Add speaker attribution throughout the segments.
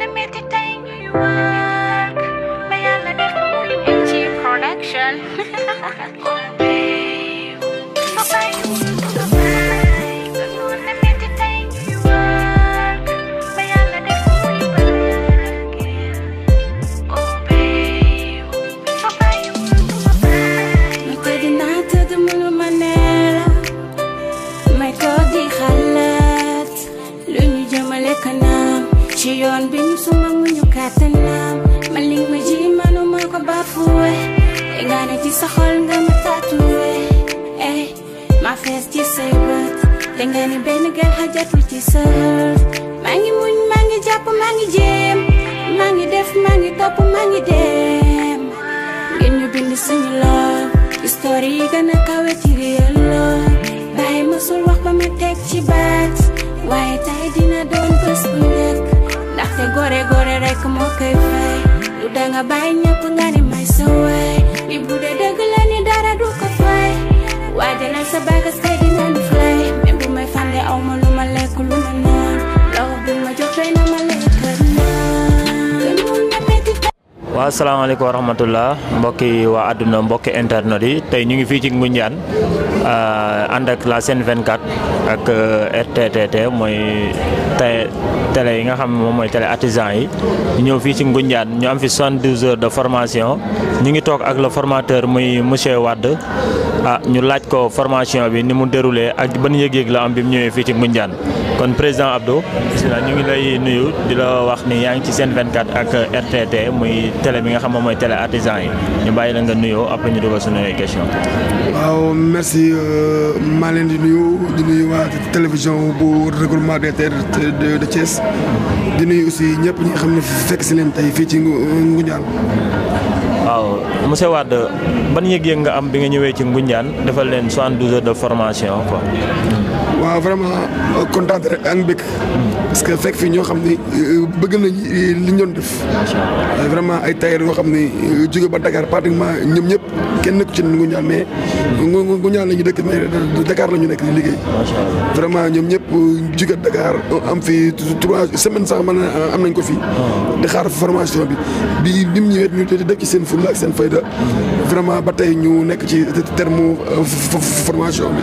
Speaker 1: na métti tey ñuy wax ba yàlla def muy ci production sa xol nga ma tatoué eh ma fees ci say te nga ni benn gel xajatul ci sa maa ngi muñ maa ngi jàpp maa ngi jéem maa ngi def maa ngi topp maa ngi dem ngeen ñu bind suñu love histoire yi gën a kawe ci réel love wax ba ma teg ci baat waaye tay dina doon bés bu nekk ndaxte gore gore rek moo koy fay lu danga bàyyi ñëpp nga ni sa waay li bu dee dëgg la ni dara du ko fay waajalal sa baagas kay dina lu fly même bu may fande aw ma lekk lu ma naan la wax bu ma jox doy na ma
Speaker 2: waaw salaamaaleykum wa rahmatullah mbokki waa àdduna mbokki internet yi tey ñu ngi fii ci Ngoundiane euh, ànd ak la vingt 24 ak euh, RTTT mooy tey yi nga xam ne moom mooy télé artisan yi ñëw fii ci Ngoundiane ñu am fi 72 heures de formation ñu ngi toog ak le formateur muy monsieur wadd ah ñu laaj ko formation bi ni mu déroulé ak ban yëg-yëg la am bi mu ñëwee fii ci Ngoundiane kon président Abdou bismillah ñu ngi lay nuyu di la wax ni yaa ngi ci Sen 24 ak euh, RTT muy. télé bi nga xam moom mooy télé artisan yi ñu bàyyi la nga nuyoo après ñu dugal suñu question
Speaker 3: waaw merci euh, maa leen di nuyu di nuyu waa télévision bu regroupement des terres de Thiès di nuyu aussi ñëpp ñi nga xam ne fekk si leen tey
Speaker 2: fii ci Ngoundiane waaw monsieur Wade ban yëg-yëg nga am bi nga ñëwee ci Ngoundiane defal leen soixante de formation quoi
Speaker 3: waaw vraiment kontaan rek ak mbég parce que fekk fii ñoo xam ne euh, bëgg nañu euh, li ñu doon def euh, vraiment ay tailleur yoo xam ne jóge ba Dakar pratiquement ñoom ñëpp kenn nekku ci ngu ñaan mais ngu ñaan la ñu dëkk mais Dakar la ñu nekk di liggéey vraiment ñoom ñëpp jóge Dakar am fi trois semaines sax man am nañ ko fii ah. di formation bi bi bi mu ñëwee ñu def ci seen fulla ak seen fayda hmm. vraiment ba tey ñu nekk ci terme formation bi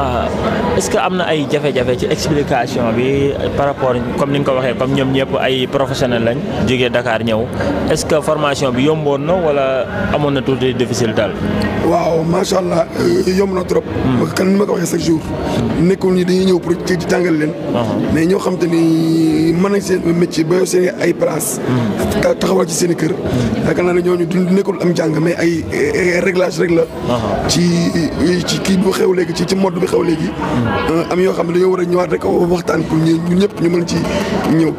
Speaker 2: Euh, est-ce que am na ay jafe-jafe ci explication bi par rapport comme ni nga ko waxee comme ñoom ñëpp ay professionnel lañ jógee Dakar ñëw est-ce que formation bi yomboon na wala amoon na tuuti difficile daal.
Speaker 3: waaw macha allah yomb na trop. kan ni ma ko waxee chaque jour. nekkul ni dañuy ñëw pour ci jàngal leen. Uh-huh. mais ñoo xam te ni mën nañ seen métier ba seen ay place. Uh-huh. taxawal ci seen i kër. yaakaar naa ne ñooñu du nekkul am jàng mais ay réglage rek la. Uh-huh. ci kii bu xew léegi ci ci mode bi xew léegi. am yoo xam ne dañoo war a ñëwaat rek waxtaan pour ñun ñëpp ñu mën ci ñëw.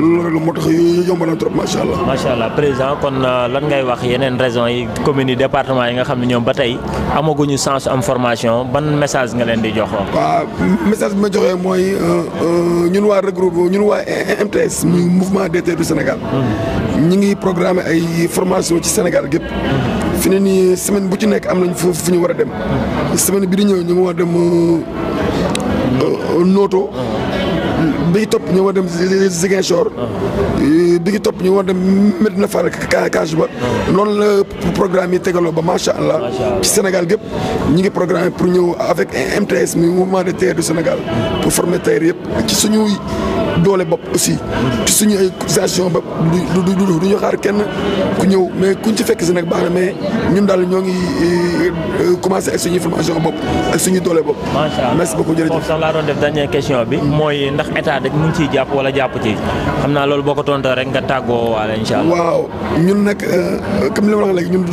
Speaker 3: loolu moo tax yomb na trop macha allah.
Speaker 2: macha président kon euh, lan ngay wax yeneen raisons yi communes yi département yi nga xam ne ñoom ba tey amaguñu chance am formation ban message nga leen di jox. waaw
Speaker 3: message bi ma joxee mooy euh, euh, ñun waa regroupe ñun waa MTS muy mouvement des tailleurs du Sénégal. Hmm. ñi ngi programme ay formation ci Sénégal gépp hmm. fi ne nii semaine bu ci nekk am nañ foofu fu ñu war a dem. Hmm. semaine bi di ñëw ñu ngi war dem euh, Noto. bi ci topp ñu war dem Ziguinchor. bi ci topp ñu war dem Medina Fall Cage ba. noonu la programme yi tegaloo ba macha allah. ci Sénégal gépp ñu ngi programme pour ñëw avec MTS mi mouvement des tailleurs du Sénégal. pour former tailleur yëpp ci suñu doole bopp aussi. ci suñu ay cotisation bopp du du du ñu xaar kenn ku ñëw mais kuñ ci fekk si nag baax na mais ñun daal ñoo ngi
Speaker 2: euh, commencé ak suñu formation bopp ak suñu doole bopp. macha allah merci beaucoup jërëjëf. sax laa doon def dernière question bi. mooy ndax état rek mu ngi ciy jàpp wala jàpp ci xam naa loolu boo ko tontoo rek nga tàggoo waale incha allah. waaw
Speaker 3: ñun nag euh, comme li ma la wax léegi ñun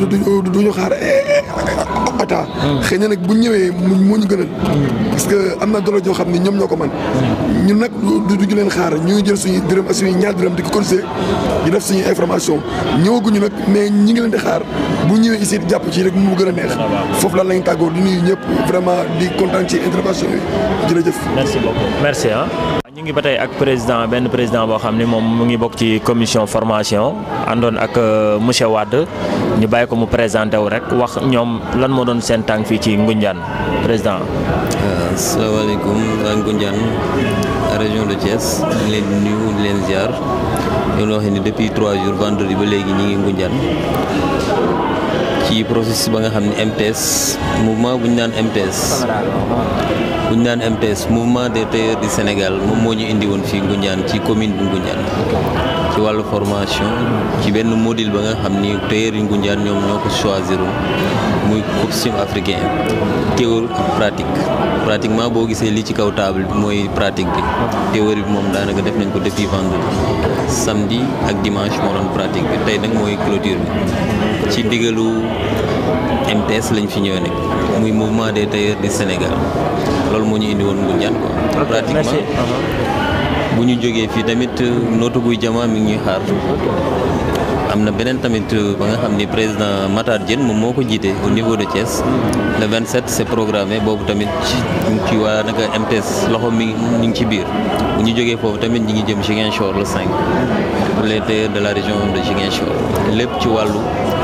Speaker 3: du duñu xaar eh, eh, eh, état. Hmm. xëy na nag bu ñëwee mu ñu gënal. Hmm. parce que am na doole joo xam ne ñoom ñoo ko man hmm. ñun nag du duñu leen xaar ñu ngi jël suñu dërëm ak suñu ñaar dërëm di ko conseillé di def suñu information ñëwaguñu nag mais ñi ngi leen di xaar bu ñëwee ici di jàpp ci rek mu gën a neex. foofu lan lañ tàggoo di nuyu ñëpp vraiment di kontaan ci intervention yi jërëjëf.
Speaker 2: merci beaucoup merci ah. ñu ngi ba tey ak président benn président boo xam ne moom mu ngi bokk ci commission formation àndoon ak euh, monsieur wadd ñu bàyyi ko mu présenté wu rek wax
Speaker 4: ñoom lan moo doon seen tànk fii ci Ngoundiane président. asalaamaaleykum euh, waa Ngoundiane région de Thiès ñu leen di leen ziar ñu ngi wax ni depuis trois jours vendredi ba léegi ñi ngi Ngoundiane. ci processus ba nga xam ne MTS mouvement bu ñu naan MTS. bu ñu naan MTS mouvement de tailleurs du Sénégal moom moo ñu indi woon fii Ngoundiane ci commune bu Ngoundiane. ci wàllu formation. ci benn module ba nga xam ni tailleurs yu Ngoundiane ñoom ñoo ko choisir muy costume africain théorie pratique pratiquement boo gisee li ci kaw table bi mooy pratique bi théorie bi moom daanaka def nañ ko depuis vendredi samedi ak dimanche moo doon pratique bi tey nag mooy clôture bi ci ndigalu MTS lañ fi ñëwee nag muy mouvement des tailleurs du Sénégal loolu moo ñu indi woon Ngoundiane quoi pratiquement uh-huh. bu ñu jógee fii tamit nootu buy jamaa mi ngi xaar am na beneen tamit euh, ba nga xam ni président Matar Diène moom moo ko jiite au niveau de Thiès le 27 c'est programme boobu tamit ci ñu ngi ci waa naka MTS loxo mi ñu ngi ci biir bu ñu jógee foofu tamit ñi ngi jëm Ziguinchor le 5 pour les tailleurs de la région de Ziguinchor lépp ci wàllu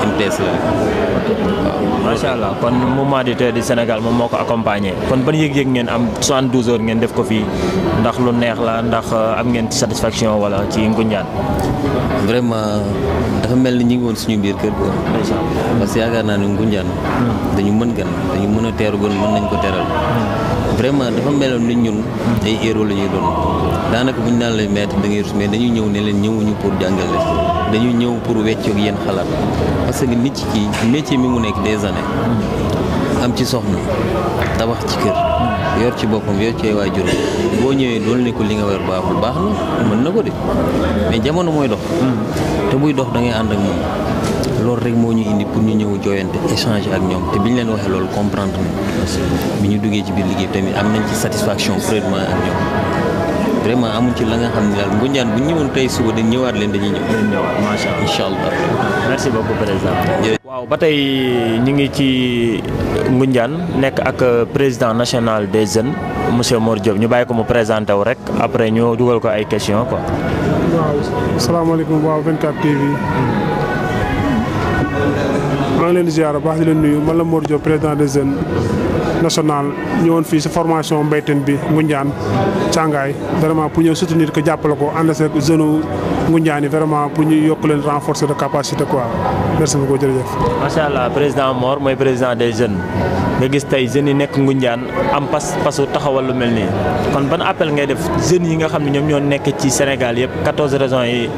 Speaker 4: MTS la waaw.
Speaker 2: macha allah kon mouvement des tailleurs du Sénégal moom moo ko accompagné kon ban yëg-yëg ngeen am 72 heures ngeen def ko fii ndax lu neex la ndax euh, am ngeen satisfaction wala ci Ngoundiane.
Speaker 4: vraiment dafa mel ni ñu ngi woon suñu biir kër quoi. parce que yaakaar naa ne Ngoundiane dañu mën gan dañu mën a teeru gan mën nañ ko teral vraiment dafa meloon ni ñun ay héros la ñuy doon daanaka bu ñu naan lay mettre da ngay rus mais dañuy ñëw ne leen ñëwuñu pour jàngal leen dañuy ñëw pour weccoog yéen xalaat parce que nit ki métier mi mu nekk des années am ci soxna tabax ci kër yor ci boppam yor ci ay waajur boo ñëwee doon ne ko li nga war baaxul baax na mën na ko de mais jamono mooy dox te buy dox dangay ngay ànd ak moom loolu rek moo ñu indi pour ñu ñëw jooyante échanger ak ñoom te bi ñu leen waxee loolu comprendre nañ bi ñu duggee ci biir liggéey tamit am nañ ci satisfaction vraiment ak ñoom vraiment amul ci la nga xam ne daal Ngoundiane bu ñu ñëwoon tey suba dañ ñëwaat leen dañuy ñëw. incha allah waaw ba tey ñu ngi
Speaker 2: ci Ngoundiane nekk ak président national des jeunes monsieur Mor Diop ñu bàyyi ko mu présenté rek après ñu dugal ko ay questions quoi. waaw
Speaker 5: salaamaaleykum waaw 24 TV. maa ngi leen di ziar baax di leen nuyu man la Mor président des jeunes national ñëwoon fii si formation mbayteen bi Ngoundiane Càngaay vraiment pour ñëw soutenir ko jàppale ko ànd ak jeune Ngoundiane vraiment pour ñu yokk leen renforcer de capacité quoi merci beaucoup jërëjëf.
Speaker 2: macha allah président Mor mooy président des jeunes nga gis tey jeunes yi nekk Ngoundiane am pas pasu taxawal lu mel nii kon ban appel ngay def jeunes yi nga xam ne ñoom ñoo nekk ci Sénégal yëpp 14 régions yi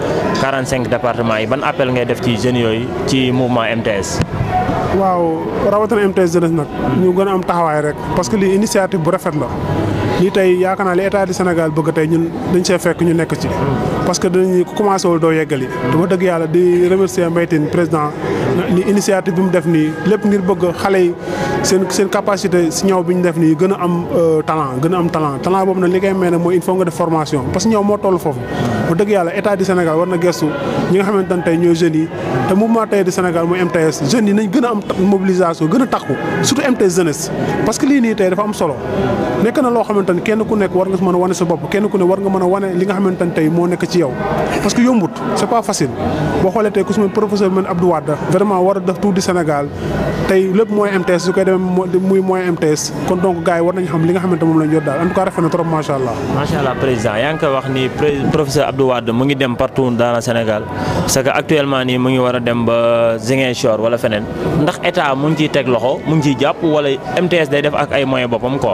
Speaker 2: 45 départements yi ban appel ngay def ci jeunes yooyu ci mouvement MTS.
Speaker 5: waaw rawatina MTS jeunesse nag. ñu gën a am taxawaay rek parce que lii initiative bu rafet la. lii tey yaakaar naa li état di Sénégal bëgg tey ñun dañu see fekk ñu nekk ci. parce que dinañ ku commencé wul doo yeggali. te ma dëgg yàlla di remercier Mbaye Tine président. ni initiative bi mu def nii lépp ngir bëgg xale yi seen seen capacité si ñaw bi ñu def nii gën a am euh, talent gën a am talent talent boobu nag li koy mel mooy il faut nga formation parce que ñaw moo toll bu dëgg yàlla état du Sénégal war na gestu ñi nga xamante tey ñooy jeunes yi te mouvement tey du Sénégal mooy MTS jeunes nañ gën a am mobilisation gën a takku surtout MTS jeunesse parce que lii nii tey dafa am solo nekk na loo xamante kenn ku nekk war nga mën a wane sa bopp kenn ku ne war nga mën wane li nga xamante tey moo nekk ci yow parce que yombut c'est pas facile boo xoolee tey ku suma professeur man Abdou Wade vraiment war a def tout Sénégal
Speaker 2: Abdou Wade mu ngi dem partout dans Sénégal parce que actuellement nii mu ngi war a dem ba Ziguinchor wala feneen ndax état mu ngi ciy teg loxo mu ngi ciy jàpp wala MTS day def ak ay moyens boppam ko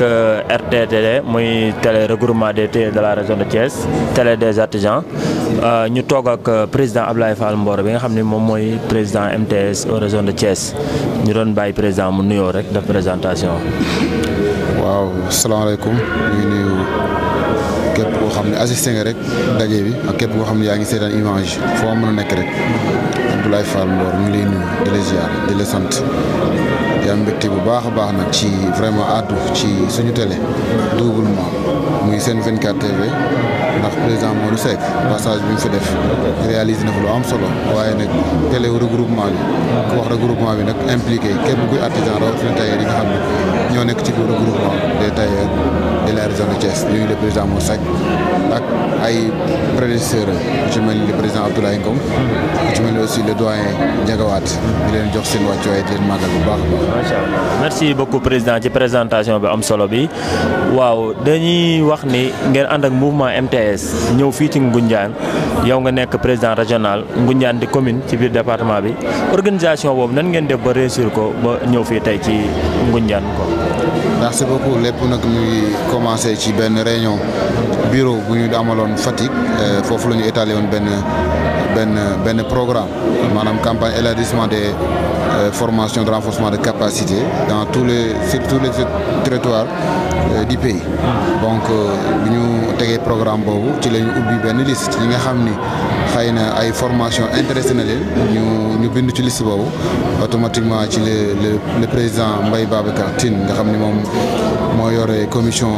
Speaker 2: ak RTTD muy télé regroupement des ténors de la région de Thiès télé des artisans euh, ñu toog ak euh, président Ablaye Fall Mbor bi nga xam ne moom mooy président MTS au région de Thiès ñu doon bàyyi président mu nuyoo rek def présentation. waaw salaamaaleykum
Speaker 6: ñu nuyu képp xam ne assisté nga rek daje bi ak képp koo xam ne yaa ngi seetaan image foo mën a nekk rek Ablaye Fall Mbor ñu lay nuyu di la ziar di la sant. di bu baax a baax nag ci vraiment àddu ci suñu télé doublement muy seen 24 TV ndax président Modou Seck passage bi mu fi def réalise na fa lu am solo waaye nag télé regroupement bi ku wax regroupement bi nag impliqué képp kuy artisan rawatina tailleur yi nga xam ne ñoo nekk ci biir regroupement des tailleurs de la région de Thiès ñuy le président Modou Seck ak ay prédécesseur ku ci mel président Abdoulaye Ngom ku ci mel jox seen wàccuwaay di leen màggal
Speaker 2: bu président ci présentation bi am solo bi waaw dañuy wax ni ngeen ànd ak mouvement MTS ñëw fii ci ngunjaan yow nga nekk président régional Ngoundiane di commune ci biir département bi organisation boobu nan ngeen def ba réussir ko ba ñëw fii tey ci Ngoundiane ko ndax c'est beaucoup lépp nag mu ngi commencé
Speaker 6: ci benn réunion bureau bu ñu amaloon Fatick euh, foofu la ñu étalé woon benn benn benn programme maanaam campagne élargissement des euh, formation de renforcement de capacité dans tous les sur tous les territoires euh, du pays hmm. donc bu ñu tegee programme boobu ci la ñu ubbi benn liste ñi nga xam ni xay na ay formation intéressé na leen ñu ñu bind ci liste boobu automatiquement ci le le président Mbaye Babacar Tine nga xam ni moom moo yore commission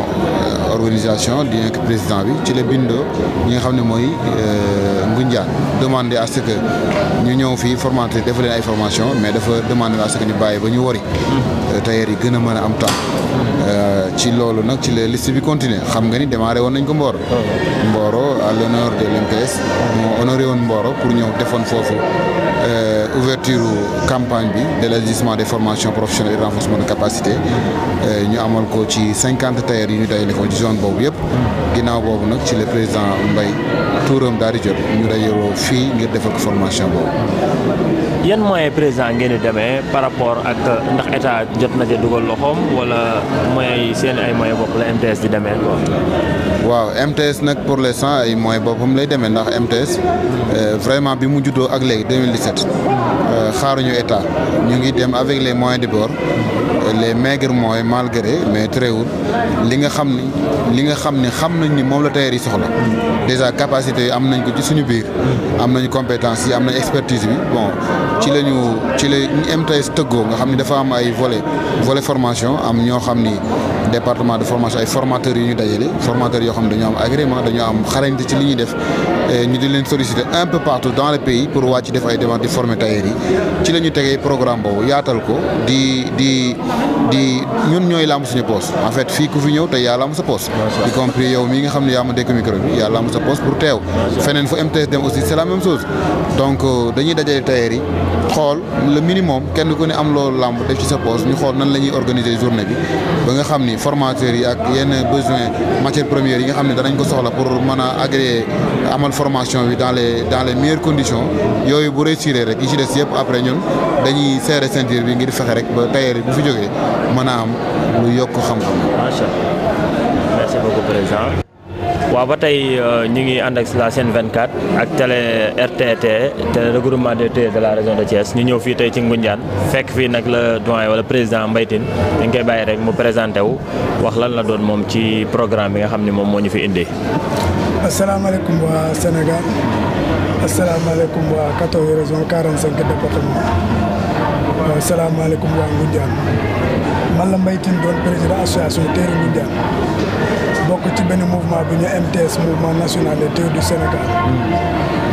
Speaker 6: euh, organisation di nekk président bi ci la bindoo ñi nga xam ne mooy euh, Ngunjaan demandé à ce que ñu ñëw fii formateur def ay formation mais dafa demande à ce que ñu bàyyi ba ñu wari tailleur yi gën a mën a am temps euh, ci loolu nag ci la liste bi continuer xam nga ni démarré woon nañ ko Mboro mbooro à l'honneur de l'MPS moo honoré woon Mboro pour ñëw defoon foofu euh, ouverture campagne bi d'élargissement des formations professionnelles et renforcement de capacité euh, ñu amal ko ci cinquante tailleur yi ñu dajale ko ci zone boobu yëpp ginnaaw boobu nag ci le président mbay tuuram daal di jot ñu dajaloo fii ngir defal ko formation boobu
Speaker 2: yan moyen président ngeen di demee par rapport ak ndax état jot na ca dugal loxoom wala moyens yi seen ay moyen bopp la MTS di demee quoi.
Speaker 6: waaw MTS nag pour le l'instant ay moyens boppam lay demee ndax MTS euh, vraiment bi mu juddoo ak léegi 2017 euh, xaaruñu état ñu ngi dem avec les moyens du bord les maigres moyens malgré mais tréwul li nga xam ni li nga xam ni xam nañ ni moom la tailleur yi soxla déjà capacité yi am nañ ko ci suñu biir am nañu compétence yi am nañ expertise bi bon ci la ñu ci la MTS tëggoo nga xam ni dafa am ay volet volet formation am ñoo xam ni département de formation ay formateurs yu ñu dajale formateurs yoo xam dañoo am agrément dañoo am xarañte ci li def ñu di leen solliciter un peu partout dans le pays pour wàcc def ay démarches di former tailleur yi ci la ñu tegee programme boobu yaatal ko di di di ñun ñooy laamu suñu poos en fait fii ku fi ñëw tey yaa laamu sa poos y compris yow mii nga xam ne yaa ma dégg micro yaa laamu sa po pour teew feneen fu MTS dem aussi c'est la même chose euh, kenn ku ne am loolu làmb ci sa poos ñu xool nan la ñuy organiser journée bi ba formateurs yi ak yenn besoin matière premières yi nga xam ne danañ ko soxla pour mën a agréer amal formation bi dans les dans les meilleures conditions yooyu bu réussir rek yi ci des yëpp après ñun dañuy serré ceinture bi ngir fexe rek ba tailleur bu fi jógee mën a lu yokk xam-xam. macha
Speaker 2: allah waaw ba tey euh, ñu ngi ànd ak la seen chaîne 24 ak télé RTT télé regroupement des TIE de la région de Thiès ñu ñëw fii tey ci Ngoundiane fekk fii nag la doyen wala président Mbaye Tine dañ koy bàyyi rek mu présenté wu wax lan la doon moom ci programme bi nga xam ne moom moo ñu fi indi.
Speaker 7: asalaamaaleykum waa Sénégal asalaamaaleykum waa 14 régions 45 départements waaw asalaamaaleykum waa Ngoundiane man la Mbaye Tine doon président association Téere Ngoundiane bokk ci benn mouvement bu ñu MTS mouvement national des terres du Sénégal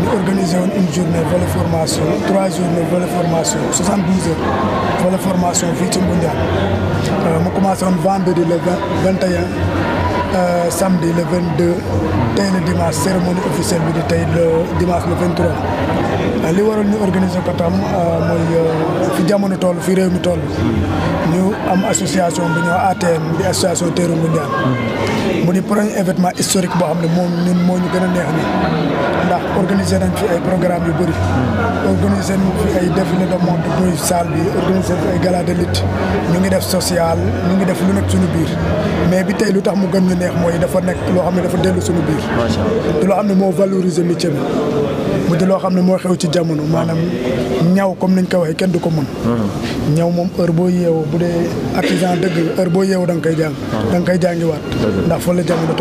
Speaker 7: ñu organisé woon une journée volet formation trois journées volet formation soixante-douze heures volet formation fii ci Ngoundiane euh, mu commencé woon vendredi le vingt et un Euh, samedi le 22 tey la dimanche cérémonie officielle bi di tey le dimanche le 23. Euh, li waral ñu organiser ko tam euh, mooy fi jamono toll fi réew mi toll ñu am association bu ñoo ATM di association Teeru Mondial mm-hmm. mu di premier événement historique boo xam ne moom ñun moo ñu gën a neex ni ndax organisé nañ fi ay programme yu bëri organisé nañ fi ay défilé de mode muy saal bi organisé fi ay gala de lutte ngi def social ñu ngi def lu nekk suñu biir mais bi tey lu tax mu gën ñu neex mooy dafa nekk loo xam ne dafa dellu suñu biir te loo xam ne moo valoriser métier bi mu di loo xam ne moo xew ci jamono maanaam ñaw comme nañ ko waxee kenn du ko mën
Speaker 5: hmm.
Speaker 7: ñaw moom heure boo yeewoo bu dee artisan dëgg heure boo yeewoo danga nga koy jàng hmm. da koy jàngiwaat ndax fa la jamono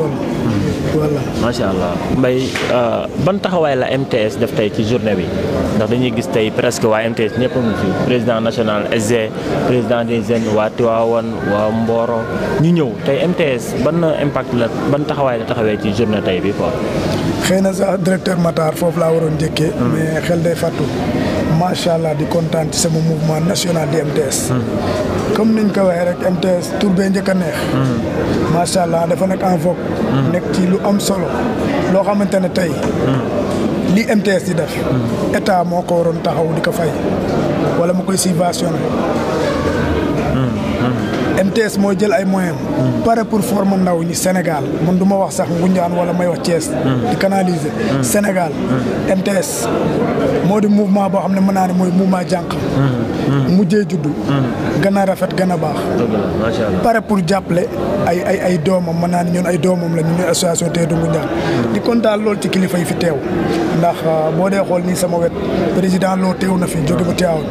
Speaker 7: voilà
Speaker 2: macha allah Mbaye euh, ban taxawaay la MTS def tey ci journée bi ndax dañuy gis tey presque waa MTS ñëpp a ngi président national SG président des jeunes waa Tivaouane waa Mboro ñu ñëw tey MTS ban impact la ban taxawaay la taxawee ci journée tey bi quoi.
Speaker 7: xëy sax directeur Matar foofu laa waroon njëkkee. Hmm. mais xel day fàttu. macha allah di kontaan ci sama mouvement national di MTS. Hmm. comme niñ ko waxee rek MTS tur bee njëkk a neex. Hmm. macha allah dafa nekk en hmm. nekk ci lu am solo loo xamante ne tey. li MTS di def. état moo ko waroon taxaw di ko fay wala mu koy subventionné. MTS mooy jël ay moyens pare pour former ndaw ñi Sénégal man du ma wax sax Ngoundiane wala may wax Thiès. di canaliser. Sénégal MTS moo di mouvement boo xam ne mën naa ne mooy mouvement jànq. mujjee juddu. gën a rafet gën a baax. pare pour jàppale ay ay ay doomam mën naa ne ñun ay doomam la ñu ñooy association Teye du Ngoundiane di kontaan lool ci kilifa yi fi teew ndax ah, boo dee xool nii sama wet président loo teew na fi jóge ba teewoon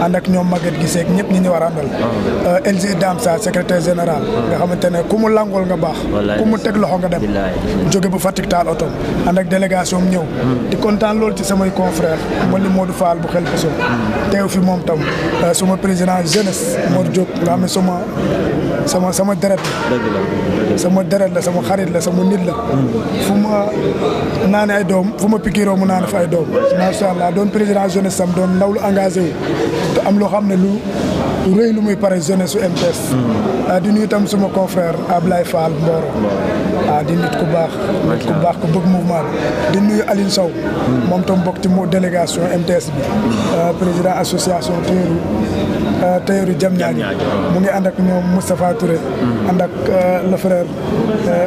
Speaker 7: ah. ànd ak ñoom Maguette gi ak ñëpp ñi war
Speaker 1: a
Speaker 7: am sa secrétaire général ah. nga xamante ne ku mu langul nga baax ku mu teg loxo nga dem jóge bu Fatick taal oto ànd ak délégation am ñëw hmm. di kontaan loolu ci samay confrère hmm. man ni Modou Fall bu xel biso hmm. teew fi moom tam euh, suma président jeunesse Mor Diop nga xam ne suma sama sama deret la sama deret lu xam ne lu rëy lu muy pare jeunesse su MTS Mm. Ah, di nuyu itam suma confrère Ablaye Fall Mboro waaw ah, di nit ku baax nit ku baax ku bëgg mu bi di nuyu Aline Sow mm. moom tam bokk ti moo délégation MTS bi mm. ah, président association téeru téeru Diamniadio mu ngi ànd ak ñoom Moustapha Touré ànd ak le frère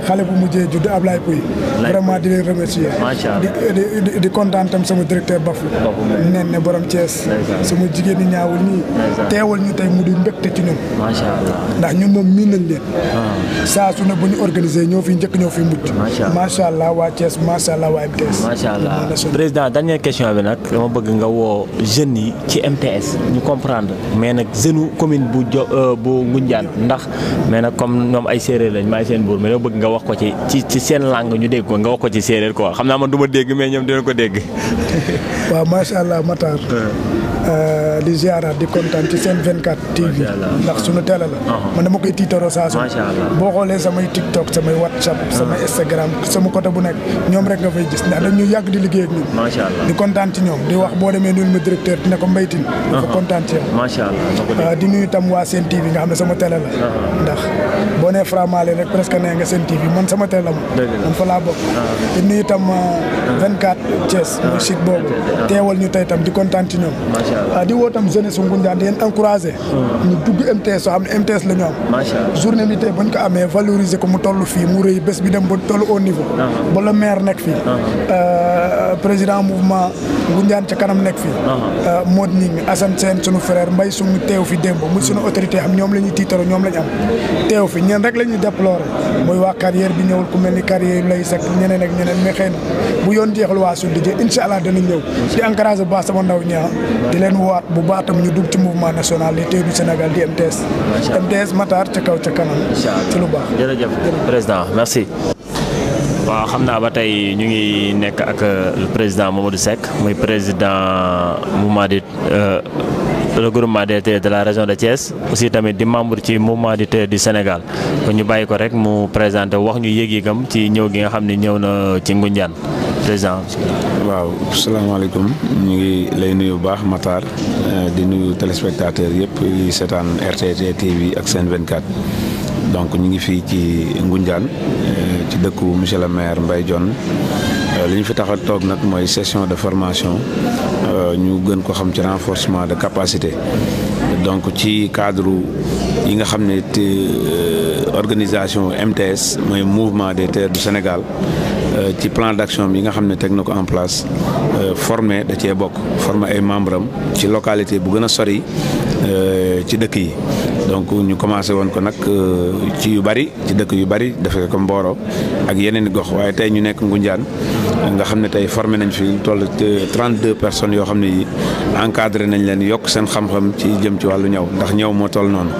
Speaker 7: xale bu mujjee judd ablaay Pouy vraiment di leen remercier di di kontaan tam sama directeur Bafou nen borom Thiès suma jigéen ñi ñaawul ñii teewal ñu tey mu di mbégte ci ñun ndax ñun moom miin nañ leen saa su ne bu ñu organisé ñoo fi njëkk ñoo fi mujj macha allah waa Thiès macha allah waa MTS macha allah
Speaker 2: président dernière question bi nag dama bëgg nga woo jeunes yi ci MTS ñu comprendre mais nag jeune commune bu jo euh, bu Ngoundiane ndax mais nag comme ñoom ay séeréer lañ maay seen buur mais dama bëgg nga wax ko ci ci ci seen langue ñu dégg ko nga wax ko ci séeréer ko xam naa man duma dégg mais ñoom dinañ ko dégg
Speaker 7: waaw macha allah Matar Euh, di ziara di kontaan ci seen 24 TV ndax sunu télé la uh-huh. man dama koy tiitaroo saa su boo xoolee samay TikTok samay WhatsApp uh-huh. samay Instagram sama côté bu nekk ñoom rek nga fay gis ndax dañuy yàgg di liggéey ak ñoom di kontaan ci ñoom di wax boo demee nuyul ma directeur ne ko mbaytin
Speaker 2: dafa uh-huh. kontaan ci yow euh, di
Speaker 7: nuyu tam waa seen TV nga xam ne sama télé la ndax boo nee Framaale rek presque nee nga seen TV man sama télé la moom man fa laa bokk di nuyu tam 24 euh, Thiès muy site tey tam di kontaan ci ñoom waaw di woo tam jeunesse su Ngoundiane di leen encouragé hmm. ñu dugg MTS soo ne MTS la ñu am journée bi tey bañ ko amee valoriser ko mu toll fii mu rëy bés bi dem ba toll au niveau ah. ba le maire nekk fii ah. euh, président mouvement Ngoundiane ca kanam nekk fii ah. euh, Mod Ning Assane Sène sunu frère Mbaye suñu teew fi démb sunu autorité am ñoom la ñuy tiitaro ñoom la ñu am teew fi ñeen rek la ñuy déploré mooy waa carrière bi ñëwul ku mel ni carrière lay sek ñeneen ak ñeneen mais xëy na bu yoon jeexal waa sud di incha allah danañ ñëw di encouragé bu baax sama ndaw ñaa leen waat bu baax tam ñu dugg ci mouvement national du Sénégal di MTS. MTS Matar ca kaw ca kanam.
Speaker 2: ci lu baax président merci. waaw xam naa ba tey ñu ngi nekk ak euh, le président Mamadou Seck muy président mu di regroupement euh, des tailleurs de la région de Thiès aussi tamit di membre ci mouvement des tailleurs du Sénégal kon ñu bàyyi ko rek mu présenté wax ñu yëg-yëgam ci ñëw gi nga xam ni ñëw na ci Ngoundiane. président. waaw salaamaaleykum
Speaker 8: ñu ngi lay nuyu bu baax Matar euh, di nuyu téléspectateur yëpp yi seetaan RTT TV ak Sen 24 donc ñu ngi fii ci Ngoundiane euh, ci dëkku monsieur le maire Mbaye Dione euh, li ñu fi tax a toog nag mooy session de formation ñu gën ko xam ci renforcement de capacité. donc ci cadre yi nga xam ne te euh, organisation MTS mooy mouvement des terres du Sénégal euh, ci plan d'action bi nga xam ne teg na ko en place euh, formé da cee bokk forme ay membres am ci localité bu gën a sori ci dëkk yi donc ñu commencé woon ko nag ci yu bari ci dëkk yu bari defee ko Mboro ak yeneen i gox waaye tey ñu nekk Ngunjaan nga xam ne tey formé nañ fi toll trente deux personnes yoo xam ne yi encadré nañ leen yokk seen xam-xam ci jëm ci wàllu ñaw ndax ñaw moo toll noonu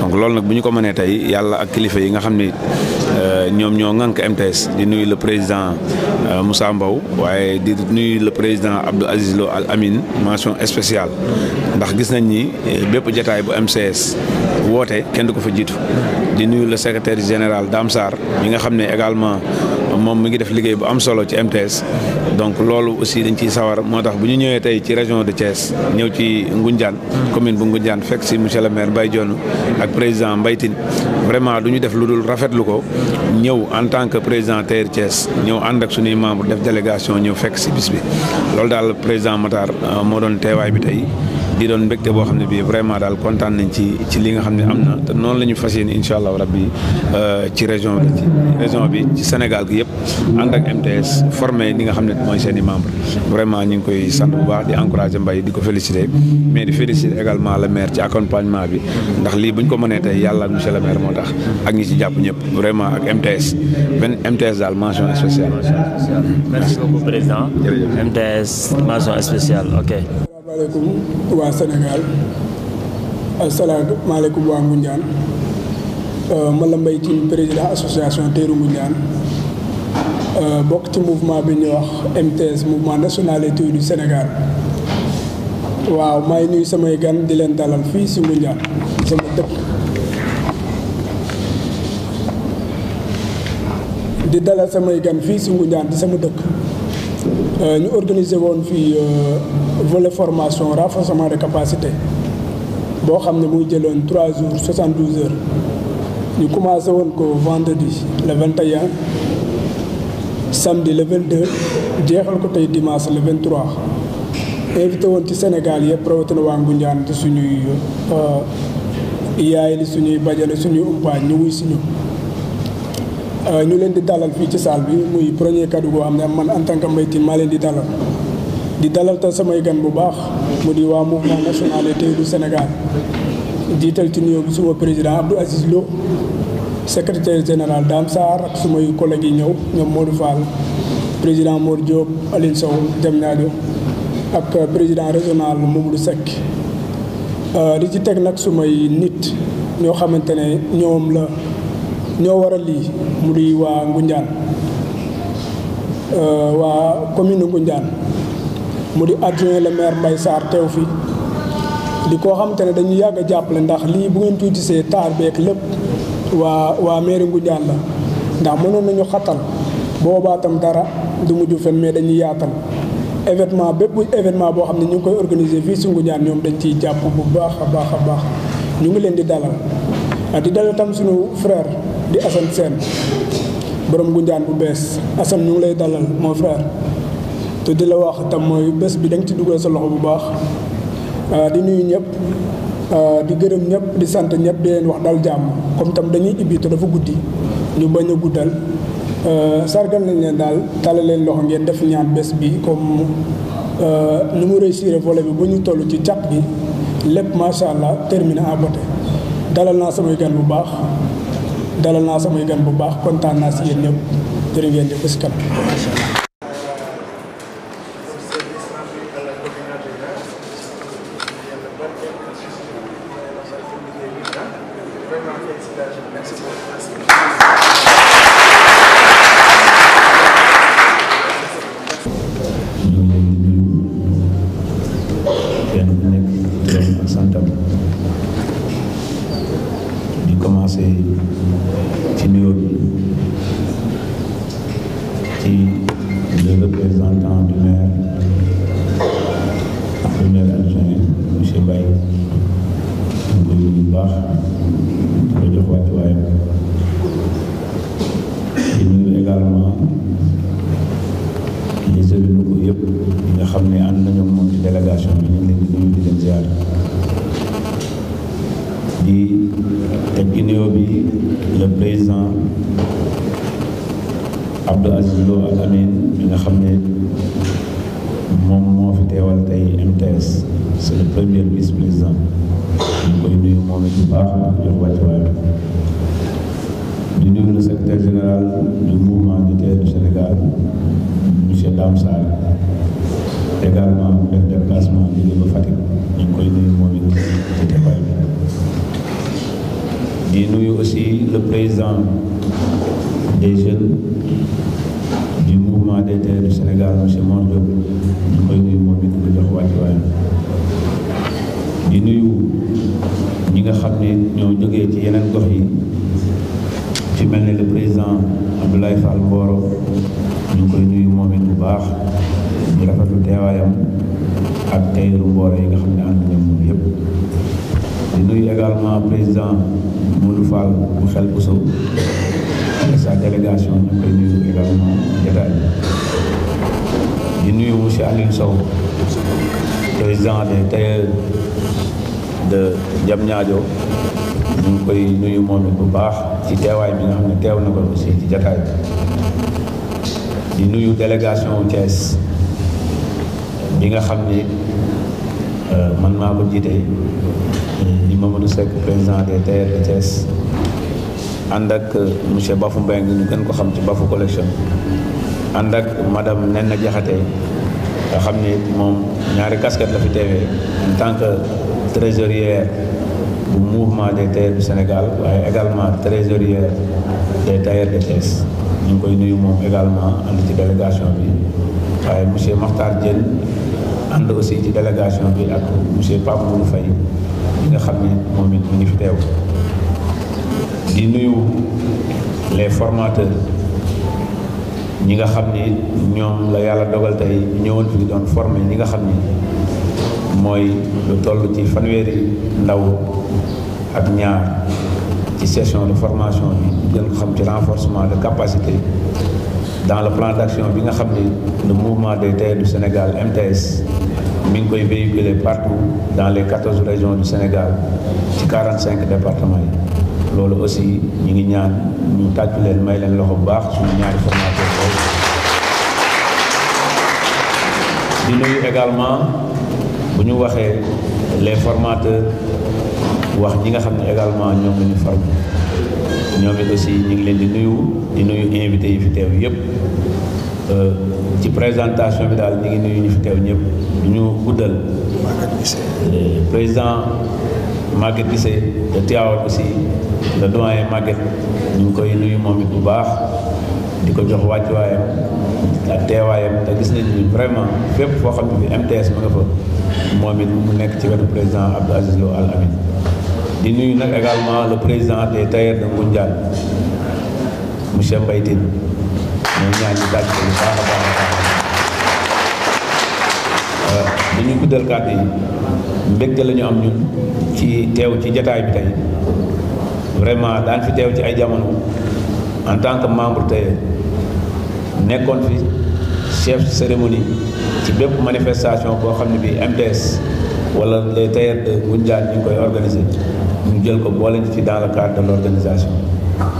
Speaker 8: donc loolu nag bu ñu ko mënee tey yàlla ak kilifa yi nga xam ne euh, ñoom ñoo ŋànk MTS di nuyu le président euh, Moussa Mbow waaye di nuyu le président Abdou Aziz Lo Al Amin mention spéciale ndax gis nañ ni euh, bépp jataay bu MCS woote kenn du ko fa jiitu di nuyu le secrétaire général Dame Sarr mi nga xam ne également moom mi ngi def liggéey bu am solo ci MTS donc loolu aussi dañ ciy sawar moo tax bu ñu ñëwee tey ci région de Thiès ñëw ci Ngoundiane commune bu Ngoundiane fekk si monsieur le maire bay Dione ak président Mbaye vraiment du ñu def lu dul rafetlu ko ñëw en tant que président TER Thiès ñëw ànd ak suñuy membre def délégation ñëw fekk si bis bi loolu daal président Matar euh, moo doon teewaay bi tey di doon mbégte boo xam ne bii vraiment daal kontaan nañ ci ci li nga xam ne am na te noonu la ñu fas yéene incha allah rabbi euh, ci région bi ci région bi ci Sénégal gi yëpp ànd ak MTS formé ni nga xam ne mooy seen i membre vraiment ñu ngi koy sant bu baax di encouragé Mbaye di ko félicité mais di félicité également le maire ci accompagnement bi ndax lii buñ ko mënee tey yàlla ak monsieur le moo tax ak ñi ci jàpp ñëpp vraiment ak MTS
Speaker 2: benn MTS daal mention spéciale. merci beaucoup MTS
Speaker 7: asalaamaaleykum waa Sénégal asalaamaaleykum waa Ngoundiane euh, man la Mbaye Tine président association Teeru Ngoundiane euh, bokk ci mouvement bi ñuy wax MTS mouvement national et du Sénégal waaw may nuyu samay gan di leen dalal fii si Ngoundiane sama dëkk di dalal samay gan fii si Ngoundiane di sama dëkk Euh, ñu organiser woon fii euh, volet formation renforcement de capacité boo xam ne mu jëloon trois jours soixante douze heures ñu commencé woon ko vendredi le vingt et un samedi le vingt deux jeexal ko tey dimanche le vingt trois invité woon ci Sénégal yëpp rawatina waa Ngoundiane di suñuy euh, yaay li suñuy bajale suñuy umpaañ ñu wuy si ñu. Euh, ñu leen di dalal fii ci saal bi muy premier cadeau boo xam ne man en tant que Mbaye maa leen di dalal di dalal te samay gan bu baax mu di waa mouvement national tey du Sénégal jiital ci nuyoo bi suma président Abdou Aziz Lo secrétaire général Dame Sarr ak sumay collègues yi ñëw ñoom Modou Fall président Mor Diop Aline Sow Dem Naajo ak président régional Mamadou Seck li euh, ci teg nag sumay nit ñoo xamante ne ñoom la. ñoo waral lii mu di waa Ngunjaan euh, waa commune Ngunjaan mu di adjoint le maire mbay Sarr teew fi di koo xam te ne dañu yàgg a jàppale ndax lii bu ngeen tuutisee taar beek lépp waa waa mairie Ngunjaan la ndax mënoon nañu xatal boobaa tam dara du mujj fen mais dañuy yaatal événement bépp événement boo xam ne ñu ngi koy organiser fii si Ngunjaan ñoom dañ ciy jàpp bu baax a baax a baax ñu ngi leen di dalal di dalal tam suñu frère di Assane seen borom Ngoundiane bu bees Assane ñu ngi lay dalal mon frère te di la wax tam mooy bés bi da nga ci dugal sa loxo bu baax euh, di nuyu ñëpp euh, di gërëm ñëpp di sant ñëpp di leen wax dal jàmm comme tam dañuy ibbi te dafa guddi ñu bañ a guddal euh, sargan nañ leen daal tàllal leen loxo ngeen def ñaan bés bi comme nu mu réussir vole bi bu ñu toll ci càpp gi lépp macha allah terminé à beauté dalal naa samay gan bu baax. dalal naa samay gan bu baax kontaan naa si yéen ñëpp jërë ngeen jëf ba si kanam
Speaker 8: Aziz Lo Al Amine mi nga xam ne moom moo fi teewal tey MTS c'est le premier vice président ñu koy nuyu moom it bu baax di jox wàccuwaayam di nuyu le secrétaire général du mouvement unitaire du Sénégal monsieur Dame Sarr Fall bu xel bu sow ak sa ñu koy nuyu également jotaay di nuyu monsieur Alioune Sow président des tailleurs de Diamniadio ñu koy nuyu moom it bu baax ci teewaay bi nga xam ne teew na ko aussi ci jotaay di nuyu délégation Thiès bi nga xam ne euh, man maa ko jiite di Mamadou Seck président des tailleurs de Thiès ànd ak euh, monsieur Bafou Mbengue ñu gën ko xam ci Bafou collection ànd ak madame Nenna Diakhaté nga xam ni moom ñaari casquette la fi teewee en tant que trésorière bu mouvement des tailleurs du Sénégal waaye également trésorière des de Thiès ñu koy nuyu moom également ànd ci délégation bi waaye monsieur Makhtar Diène ànd aussi ci délégation bi ak monsieur Pape Mourou Faye bi nga xam ni moom it mu fi teew di nuyu les formateur ñi nga xam ni ñoom la yàlla dogal tey ñëwoon fii doon formé ñi nga xam ni mooy lu toll ci fanweeri ndaw ak ñaar ci session de formation bi gën ko xam ci renforcement de capacité dans le plan d'action bi nga xam ni le mouvement de terres du Sénégal MTS mi ngi koy véhiculer partout dans les quatorze régions du Sénégal ci quarante cinq départements yi loolu aussi ñi ngi ñaan ñu tàccu leen may leen loxo bu baax suñu ñaari formateur boobu di nuyu également bu ñu waxee les formateurs wax ñi nga xam ne également ñoom la ñu formé aussi ñu ngi leen di nuyu di nuyu invité yu fi teew yëpp euh, ci présentation bi daal ñu ngi nuyu ñu fi teew ñëpp duñu guddal euh, président Maguette Guissé de Tivaouane aussi le doyen Maguette ñu ngi koy nuyu moom it bu baax di ko jox wàccuwaayam ak teewaayam te gis nañu vraiment fépp foo xam ne bi MTS ma nga fa moom it mu nekk ci wetu président Abdou Aziz Lo Al Amin di nuyu nag également le président des tailleurs de Ngoundiane monsieur Mbaye Tine moom ñaan ñu daj ko bu baax a dañuy guddal kàddu yi mbégte la ñu am ñu ci teew ci jataay bi tey vraiment daan fi teew ci ay jamono en tant que membre tey nekkoon fi chef cérémonie ci bépp manifestation boo xam ne bi MTS wala les tailleurs de Ngoundiane ñu ngi koy organiser ñu jël ko boole ci dans le cadre de l'organisation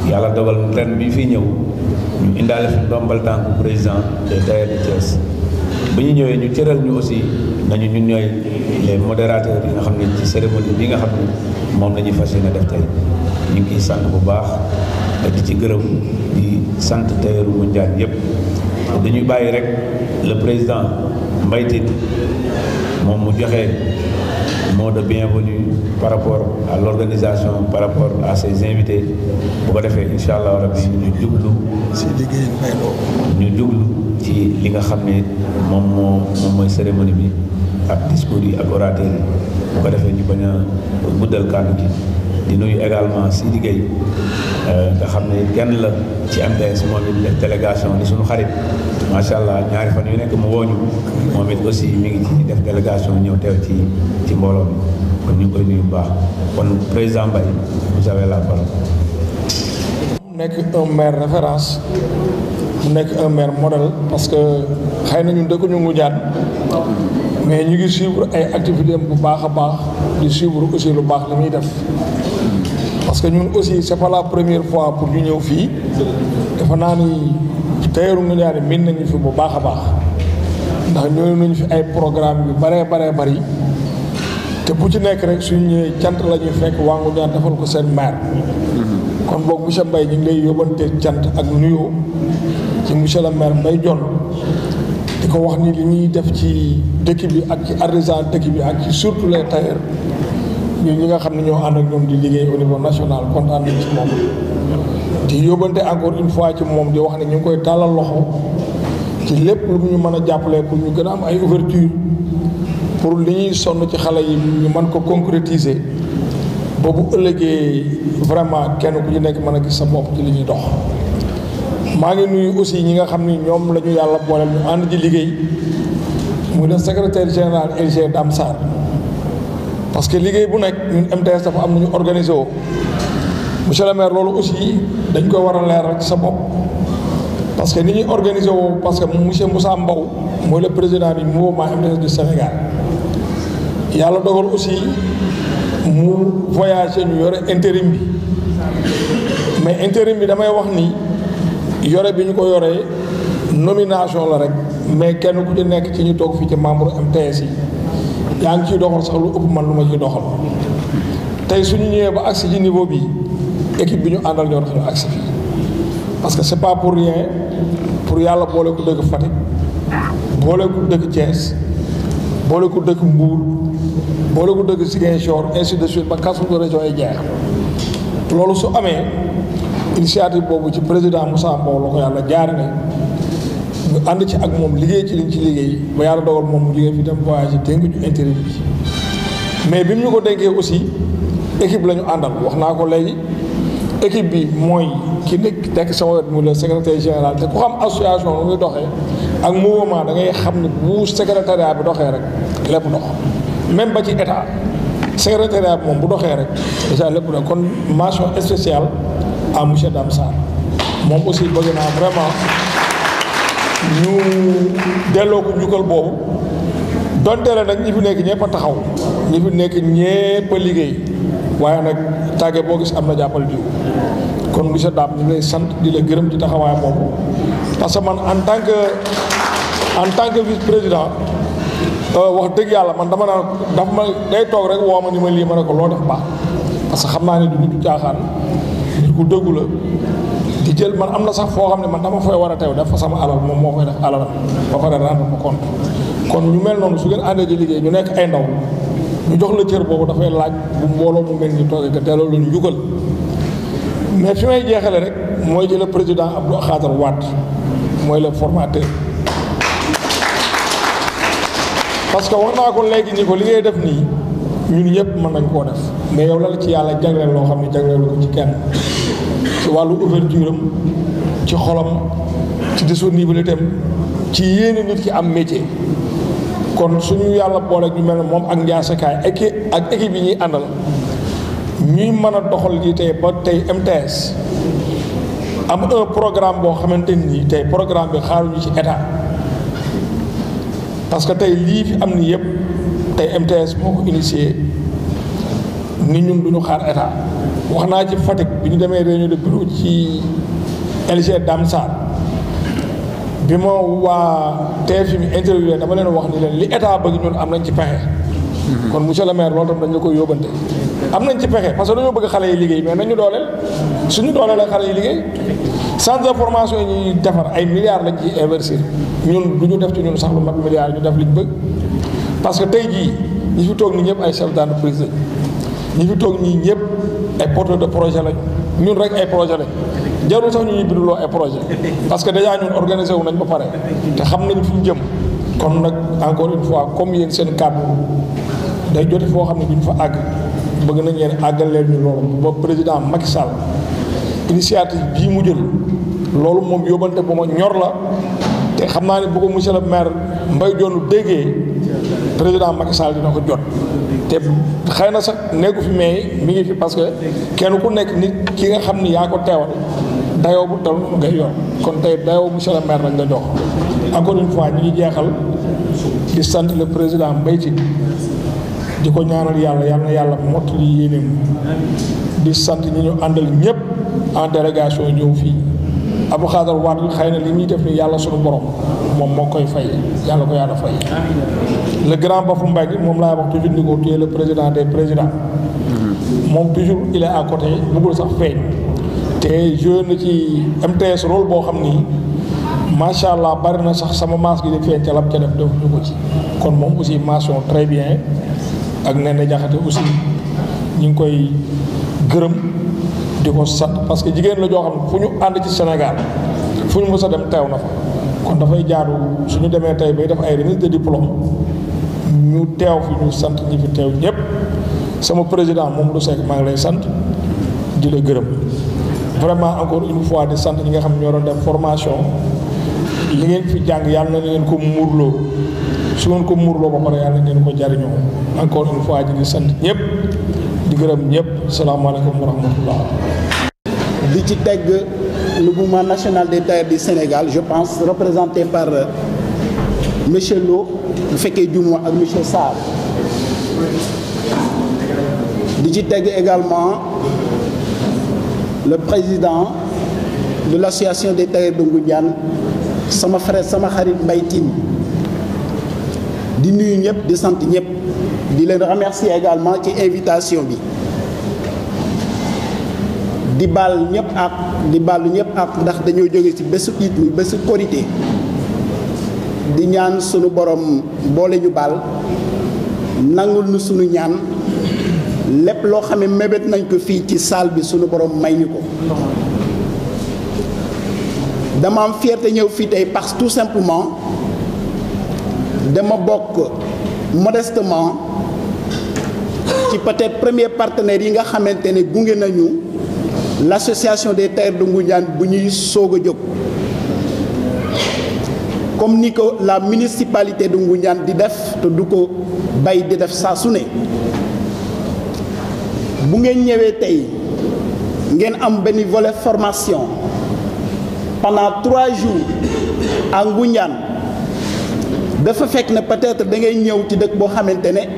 Speaker 8: yàlla dogal ren bi fiy ñëw ñu indaale fi ndombal tànk président des tailleurs de Thiès ba ñu ñëwee ñu cëral ñu aussi nañu ñu ñooy les modérateurs yi nga xam ne ci cérémonie bi nga xam ne moom la fas yi yéene def tey ñu ngi koy sant bu baax di ci gërëm di sant tailleur mondial yëpp dañuy bàyyi rek le président Mbaye Tine moom mu joxe mot de bienvenue par rapport à l'organisation par rapport à ses invités bu ko defee incha allah rabbi ñu jublu si liggéey ñu jublu ci li nga xam ni moom moo moom mooy cérémonie bi ak discours yi ak orateur yi bu ko defee ñu bañ a guddal kàddu gi di nuyu également Sidi Gueye euh, nga xam ne kenn la ci MDS moom it délégation di suñu xarit macha allah ñaari fan yu nekk mu wooñu moom it aussi mi ngi ci def délégation ñëw teew ci ci mbooloo mi kon ñu ngi koy nuyu baax kon président Mbaye vous avez la parole.
Speaker 9: mu nekk un maire référence mu nekk un maire modèle parce que xëy na ñu dëkkuñu mu jaat mais ñu ngi suivre ay activités bu baax a baax di suivre aussi lu baax li muy def. que ñun aussi c'est pas la première fois pour ñu ñëw fii dafa naa ni teeru nga ñaari miin nañu fi bu baax a baax ndax ñëw nañu fi ay programme yu baree baree bari te bu ci nekk rek suñu ñëwee cant la ñuy fekk waa Ngoundiane defal ko seen maire kon boog monsieur Mbaye ñu ngi lay yóbbante cant ak nuyoo ci monsieur le maire Mbaye Dione di ko wax ni li ñuy def ci dëkk bi ak ci artisan dëkk bi ak ci surtout les tailleurs ñun ñi nga xam ne ñoo ànd ñoom di liggéey au niveau national kontaan nañ ci moom di yóbbante encore une fois ci moom di wax ne ñu ngi koy tàllal loxo ci lépp lu ñu mën a jàppalee pour ñu gën a am ay ouverture pour li ñuy sonn ci xale yi ñu man ko concrétiser boobu ëllëgee vraiment kenn ku ñu nekk mën a gis sa bopp ci li ñuy dox maa ngi nuyu aussi ñi nga xam ni ñoom lañu yàlla booleel ñu ànd ci liggéey mu def secretaire général LG Dame Sarr parce que liggéey bu nekk ñun MTS dafa am nañu organisé woo monsieur le maire loolu aussi dañ koy war a leeral ci sa bopp parce que ni ñuy organisé woo parce que monsieur Moussa Mbow mooy le président du mouvement MTS du Sénégal yàlla dogal aussi mu voyagé ñu yore intérim bi mais intérim bi damay wax ni yore bi ñu ko yoree nomination la rek mais kenn ku ci nekk ci ñu toog fii ci membre MTS yi yaa ngi ciy doxal sax lu ëpp man lu ma ciy doxal tey suñu ñëwee ba agsi ci niveau bi équipe bi ñu àndal ñoo tax ñu agsi fii parce que c'est pas pour rien pour yàlla boole ko dëkk Fatick boole ko dëkk Thiès boole ku dëkk Mbour boole ko dëkk Ziguinchor ainsi de suite ba kasu ko région yi jeex loolu su amee initiative boobu ci président Moussa Mbow la ko yàlla jaar ne ñu ànd ci ak moom liggéey ci liñ ci liggéey ba yàlla dogal moom mu jógee fi dem voyagé dénk ñu intérim bi mais bi mu ñu ko dénkee aussi équipe la ñu àndal wax naa ko lay équipe bi mooy ki nekk tekk sama wet mu le secrétaire général te ku xam association lu muy doxee ak mouvement da ngay xam ni bu secrétariat bi doxee rek lépp dox même ba ci état secrétariat bi moom bu doxee rek déjà lépp dox kon mention spéciale à monsieur Dame Sarr moom aussi bëgg naa vraiment ñu delloo ku njukkal boobu doon la nag ñi fi nekk ñëpp a taxaw ñi fi nekk ñëpp liggéey waaye nag tàgge boo gis am na jàppal jiw kon monsieur Dame ñu lay sant di la gërëm ci taxawaay boobu parce que man en tan que en tant que vice président euh, wax dëgg yàlla man dama naan daf ma day toog rek woo ma ñu ma lii ma ne ko loo def baax parce que xam naa ne du nit ku caaxaan ku dëggu la di jël man am na sax foo xam ne man dama fay war a teew dafa sama alal moom moo koy def alalam ba pare rendre ma compte kon ñu mel noonu su ngeen àndee di liggéey ñu nekk ay ndaw ñu jox la cër boobu dafay laaj bu mbooloo mu mel ni toogee ko delloo la ñu jugal mais fi may jeexale rek mooy jële président Abdou Khadre Wade mooy le formateur parce que wax naa ko léegi ni ko li ngay def nii ñun ñëpp mën nañ koo def mais yow la la ci yàlla jagleel loo xam ne jagleelu ko ci kenn ci wàllu ouverture am ci xolam ci disponibilité am ci yéene nit ci am métier. kon suñu yàlla boole ñu mel ne moom ak njaasakaay ak équipe bi ñuy àndal ñuy mën a doxal lii tey ba tey MTS am un programme boo xamante ni tey programme bi xaaruñu ci état parce que tey lii fi am ni yëpp. tey MTS moo ko initié ni ñun du xaar état wax naa ci Fatick bi ñu demee réunion de bureau ci LG Dame Sarr bi ma waa TFM interviewé dama leen wax ni leen li état bëgg ñun am nañ ci pexe. Mhm. kon monsieur le maire loolu tam dañ koy yóbbante. am nañ ci pexe parce que dañoo bëgg xale yi liggéey mais nañu dooleel suñu dooleel ak xale liggéey centre de yi ñuy defar ay milliards lañ ciy investir ñun du ñu def ci ñun sax lu mat milliards ñu def liñ bëgg. parce que tey jii ñi fi toog nii ñëpp ay chef d'entreprise lañ ñi fi toog nii ñëpp ay porteur de projet lañ ñun rek ay projet lañ jarul sax ñu ñuy ay projet parce que déjà ñun organisé wu nañ ba pare te xam nañu fi ñu jëm kon nag encore une fois comme yéen seen kàddu day jote foo xam ne duñ fa àgg bëgg nañ ngeen àggal leen ñu loolu ba président Macky Sall initiative bii mu jël loolu moom yóbbante bu ma ñor la te xam naa ne bu ko monsieur le maire mbay Dione déggee président Macky Sall dina ko jot te xëy na sax nekku fi mais mi ngi fi parce que kenn ku nekk nit ki nga xam ni yaa ko teewal dayoo bu toll nga yor kon tey dayoo monsieur le maire rek nga jox encore une fois ñu ngi jeexal di sant le président Mbaye Tine di ko ñaanal yàlla yàlla na yàlla mottali yéeneem di sant ñi ñu àndal ñëpp en délégation ñëw fii Abou Khadar Wade xëy na li ñuy def ni yàlla suñu borom moom moo koy fay yàlla ko yàlla fay le grand Bafou Mbaye moom laa wax toujours ni ko tu es le président des présidents. moom toujours il est à côté bëggul sax feeñ. te joué na ci MTS rôle boo xam ni macha allah bari na sax sama maas gi di feeñ ca lam ca def def ñu ko ci. kon moom aussi mention très bien ak Ndeye Diakhaté aussi ñu ngi koy gërëm di ko sant parce que jigéen la joo xam ne fu ñu ànd ci Sénégal fu ñu mus a dem teew na fa kon dafay jaaru suñu demee tey bay def ay remise de diplôme. ñu teew fi ñu sant ñi fi teew ñëpp sama président Mamadou Seck maa ngi lay sant di la gërëm vraiment encore une fois di sant ñi nga xam ñoo doon def formation li ngeen fi jàng yàlla na ngeen ko muurloo su ngeen ko muurloo ba pare yàlla ngeen ko jariñoo encore une fois sant ñëpp di gërëm ñëpp salaamaaleykum wa rahmatullah
Speaker 10: di ci teg le mouvement national de tailleurs du Sénégal je pense représenté par euh, monsieur Lo bu fekkee juumoo ak monsieur Sarr di ci teg également le président de l'association des tailleurs de sama frère sama xarit mbay Tine di nuyu ñëpp di sant ñëpp di leen remercier également ci invitation bi di baal ñëpp ak di baalu ñëpp ak ndax dañoo jóge ci bésu it muy bésu korité di ñaan sunu borom boole ñu baal nangul nu sunu ñaan lépp loo xam ne mébét nañ ko fii ci salle bi sunu borom may ñu ko dama am fierté ñëw fii tey parce que tout simplement dama bokk modestement ci peut premier partenaire yi nga xamante ne gunge nañu l'association des terres de Ngoundiane bu ñuy soog a jóg comme ni ko la municipalité de Ngoundiane di def te du ko bay di def saa su ne bu ngeen ñëwee tey ngeen am benn volet formation pendant trois jours à Ngoundiane dafa fekk na peut-être da ngay ñëw ci dëkk boo xamante ne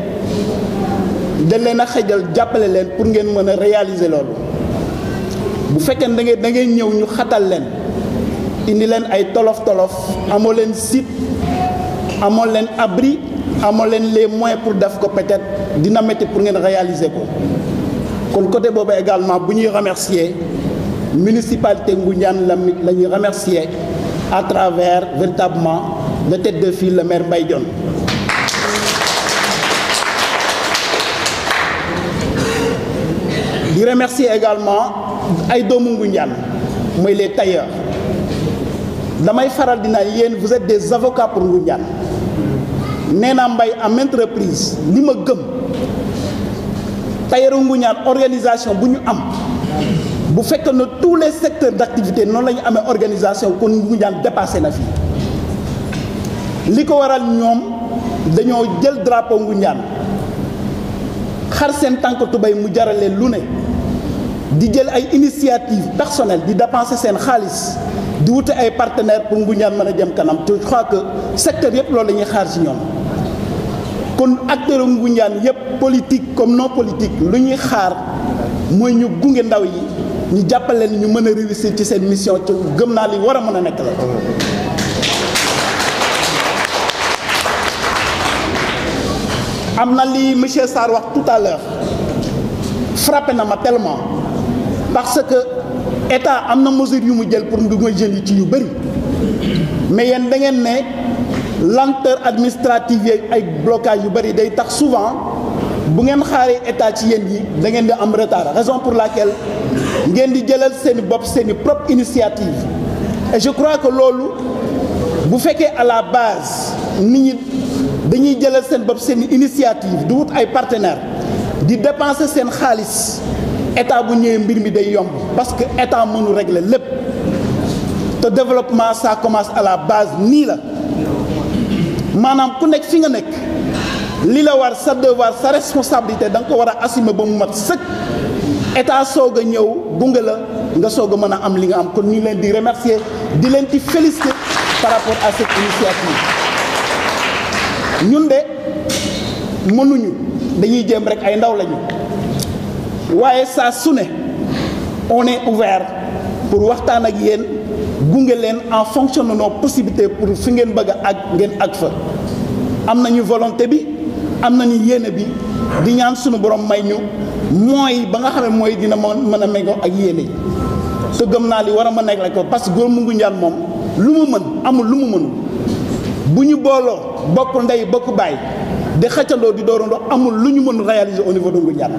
Speaker 10: dañ leen a xëjal jàppale leen pour ngeen mën a réaliser loolu bu fekkee da ngay da ngay ñëw ñu xatal leen. indi leen ay tolof tolof amoo leen site amoon leen abri amoon leen les moyens pour def ko peut dina métti pour ngeen réaliser ko kon côté boobu également bu ñuy remercier municipalité Ngoundiane la la ñuy remercier à travers véritablement le tête de file le maire Mbaye di remercier également ay doomu Ngoundiane mooy les tailleurs damay faral di naan yéen vous des avocats pour Ngoundiane ñaan nee naa mbay en maintes li ma gëm tayaru Ngoundiane organisation bu ñu am bu fekk na tous les secteurs d' activité noonu la ñu amee organisation kon Ngoundiane dépassé na fi li ko waral ñoom dañoo jël drapeau Ngoundiane xar seen tànk tubéy mu jaraleen lu ne di jël ay initiative personnelle di dépenser seen xaalis di wute ay partenaires pour Ngoundiane mën a jëm kanam te je crois que secteur yëpp loolu la ñuy xaar si ñoom kon acteurs Ngoundiane yëpp politique comme non politique lu ñuy xaar mooy ñu gunge ndaw yi ñu jàppale leen ñu mën a réussir ci seen mission ci gëm naa li war a mën a nekk la. am na li monsieur sarwax tout à l'heure frappé na ma tellement parce que. état am na mesure yu mu jël pour ndu mooy jeunes yi ci yu bëri mais yéen da ngeen ne lanteur administrative yeeg ay blocage yu bëri day tax souvent bu ngeen xaaree état ci yéen yi da ngeen di am retard raison pour la laquelle ngeen di jëlal seeni bopp seeni prop propre initiative je crois que loolu bu fekkee à la base nit ñi dañuy jëlal seen bopp seen initiative du wut ay partenaires di dépenser seen xaalis état bu ñëwee mbir mi day yomb parce que état mënu régler lépp te développement ça commence à la base nii la maanaam ku nekk fi nga nekk li la war sa devoir sa responsabilité da nga ko war a assumer ba mu mat sëkk état soog a ñëw gunge la nga soog a mën a am li nga am kon ñu leen di remercier di leen ci féliciter par rapport à cette initiative ñun de mënuñu dañuy jéem rek ay ndaw lañu waaye saa su ne on est ouvert pour waxtaan ak yéen gunge leen en fonction de nos pour fi ngeen bëgg ak ngeen ak fa am nañu volonté bi am nañu yéene bi di ñaan suñu borom may ñu mooy ba nga xam ne mooy dina mën a méngoo ak yéene yi te gëm naa li war a ma nekk la ko parce que góor mu ngu njaan moom lu mu mën amul lu mu mënul bu ñu booloo bokk ndey bokk baay di xëccandoo di doorandoo amul lu ñu mën réaliser au niveau de Ngoundiane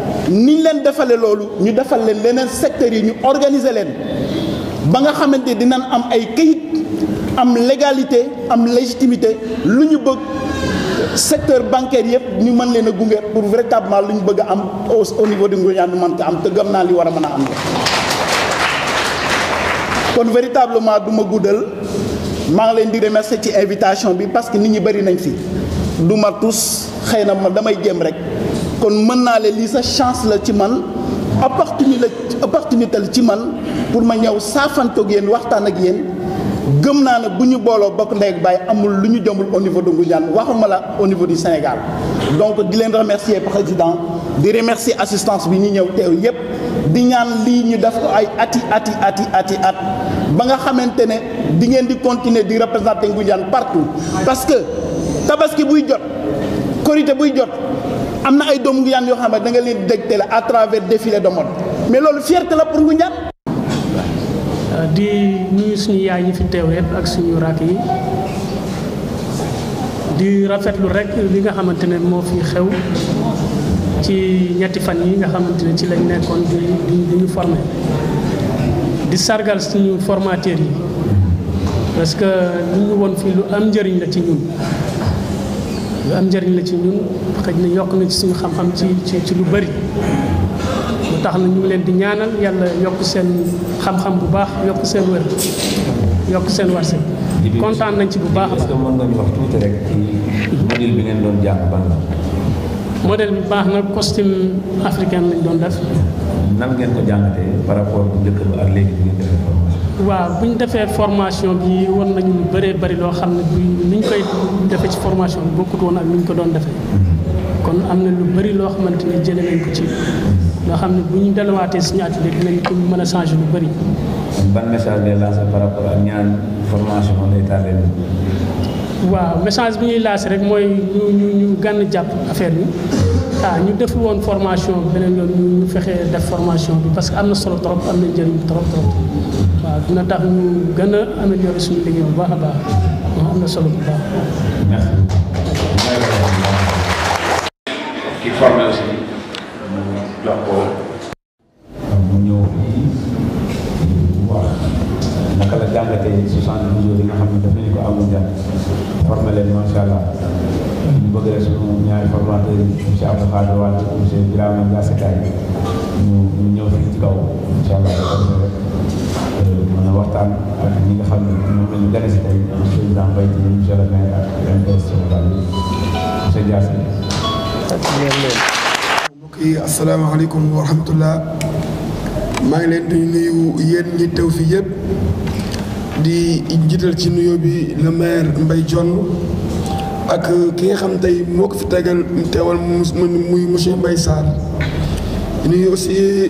Speaker 10: niñ leen defale loolu ñu defal leen leneen secteurs yi ñu organiser leen ba nga xamante dinañ am ay kayit am légalité am légitimité lu ñu bëgg secteur bancaire yëpp ñu mën leen a gunge pour véritablement lu ñu bëgg a am au niveau de Ngoundiane man ko am te gëm naa li war a mën a am kon véritablement duma ma guddal maa ngi leen di remercier ci invitation bi parce que nit ñi bëri nañ fi du ma tous xëy na ma damay jéem rek kon mën naa leen lii sa chance la ci man opportunité la ci man pour ma ñëw saafantoog yéen waxtaan ak yéen gëm naa ne bu ñu booloo bokk ndey ak baay amul lu ñu jombul au niveau de Ngoundiane waxuma la au niveau du Sénégal donc di leen remercier président di remercier assistance bi ñu ñëw teew yépp di ñaan lii ñu def ko ay ati ati ati ati at ba nga xamante ne di ngeen di continuer di représenter Ngoundiane partout parce que tabaski buy jot korité buy jot am na ay doomu Ngoundiane yoo xam ne danga leen dégtale à travers défilé de mode mais loolu fierté la pour Ngoundiane.
Speaker 11: di nuyu suñu yaay yi fi teew yëpp ak suñu rakk yi di rafetlu rek li nga xamante ne moo fi xew ci ñetti fan yi nga xamante ne ci lañ nekkoon di di ñu formé di sargal suñu formateur yi parce que li woon fii lu am njëriñ la ci ñun. lu am njëriñ la ci ñun xëj na yokk na ci suñu xam-xam ci ci ci lu bari lu tax na ñu leen di ñaanal yàlla yokk seen xam-xam bu baax yokk seen wér yokk seen warse kontaan nañ ci bu baax est-ce que mën nga bi ngeen doon jàng ban la bi baax na costume africain lañ doon def
Speaker 8: nan ngeen ko jàngatee par rapport bu njëkk ba ak léegi bi ngeen defee
Speaker 11: waaw bu defee formation bi war nañu lu bëree bari loo xam ne ni ñu koy defee ci formation bi bokkut woon ak ni ñu ko doon defee. Mm-hmm. kon am na lu bëri loo xamante ne jëlee nañ ko ci mm-hmm. xam ne bu ñu delluwaatee suñu atelier dinañ mën a changer lu bari
Speaker 8: ban message lay lancer par rapport ak ñaan formation lay tardé
Speaker 11: waaw message bi ñuy lancer rek mooy ñu ñu gànn jàpp affaire bi. ah ñu def woon formation beneen yoon ñu fexee def formation bi parce que am na solo trop am na njëriñ trop trop waaw dina tax ñu gën a améliorer suñu liggéey bu baax a baax am na solo bu baax.
Speaker 3: asalaamaaleykum wa rahmatullah maa ngi leen di nuyu yéen ñi teew fii yëpp di jiital ci nuyoo bi le maire Mbaye Dione ak ki nga xam tey moo ko fi tegal teewal muy monsieur mbay Sarr nuyu aussi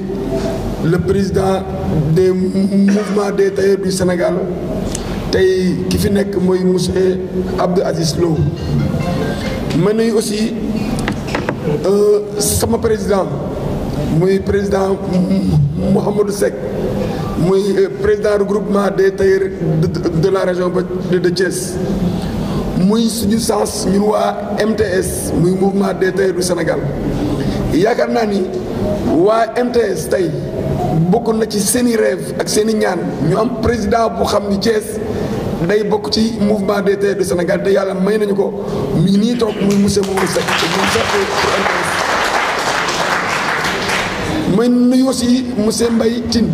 Speaker 3: le président des mouvements des tailleurs du Sénégal tey ki fi nekk mooy monsieur Abdou Aziz Lo ma nuyu aussi. Euh, sama président muy président Mouhamadou Seck muy président groupement des tailleurs de la région de Thiès muy suñu sens ñun waa MTS muy mouvement des tailleurs du Sénégal yaakaar naa ni waa MTS tey bokk na ci seeni rêve ak seeni ñaan ñu am président bu xam ni Thiès day bokk ci mouvement des tailleurs du Sénégal te yàlla may nañu ko mi ngi nii toog muy monsieur Momadou Seck may nuyu aussi monsieur mbay Tine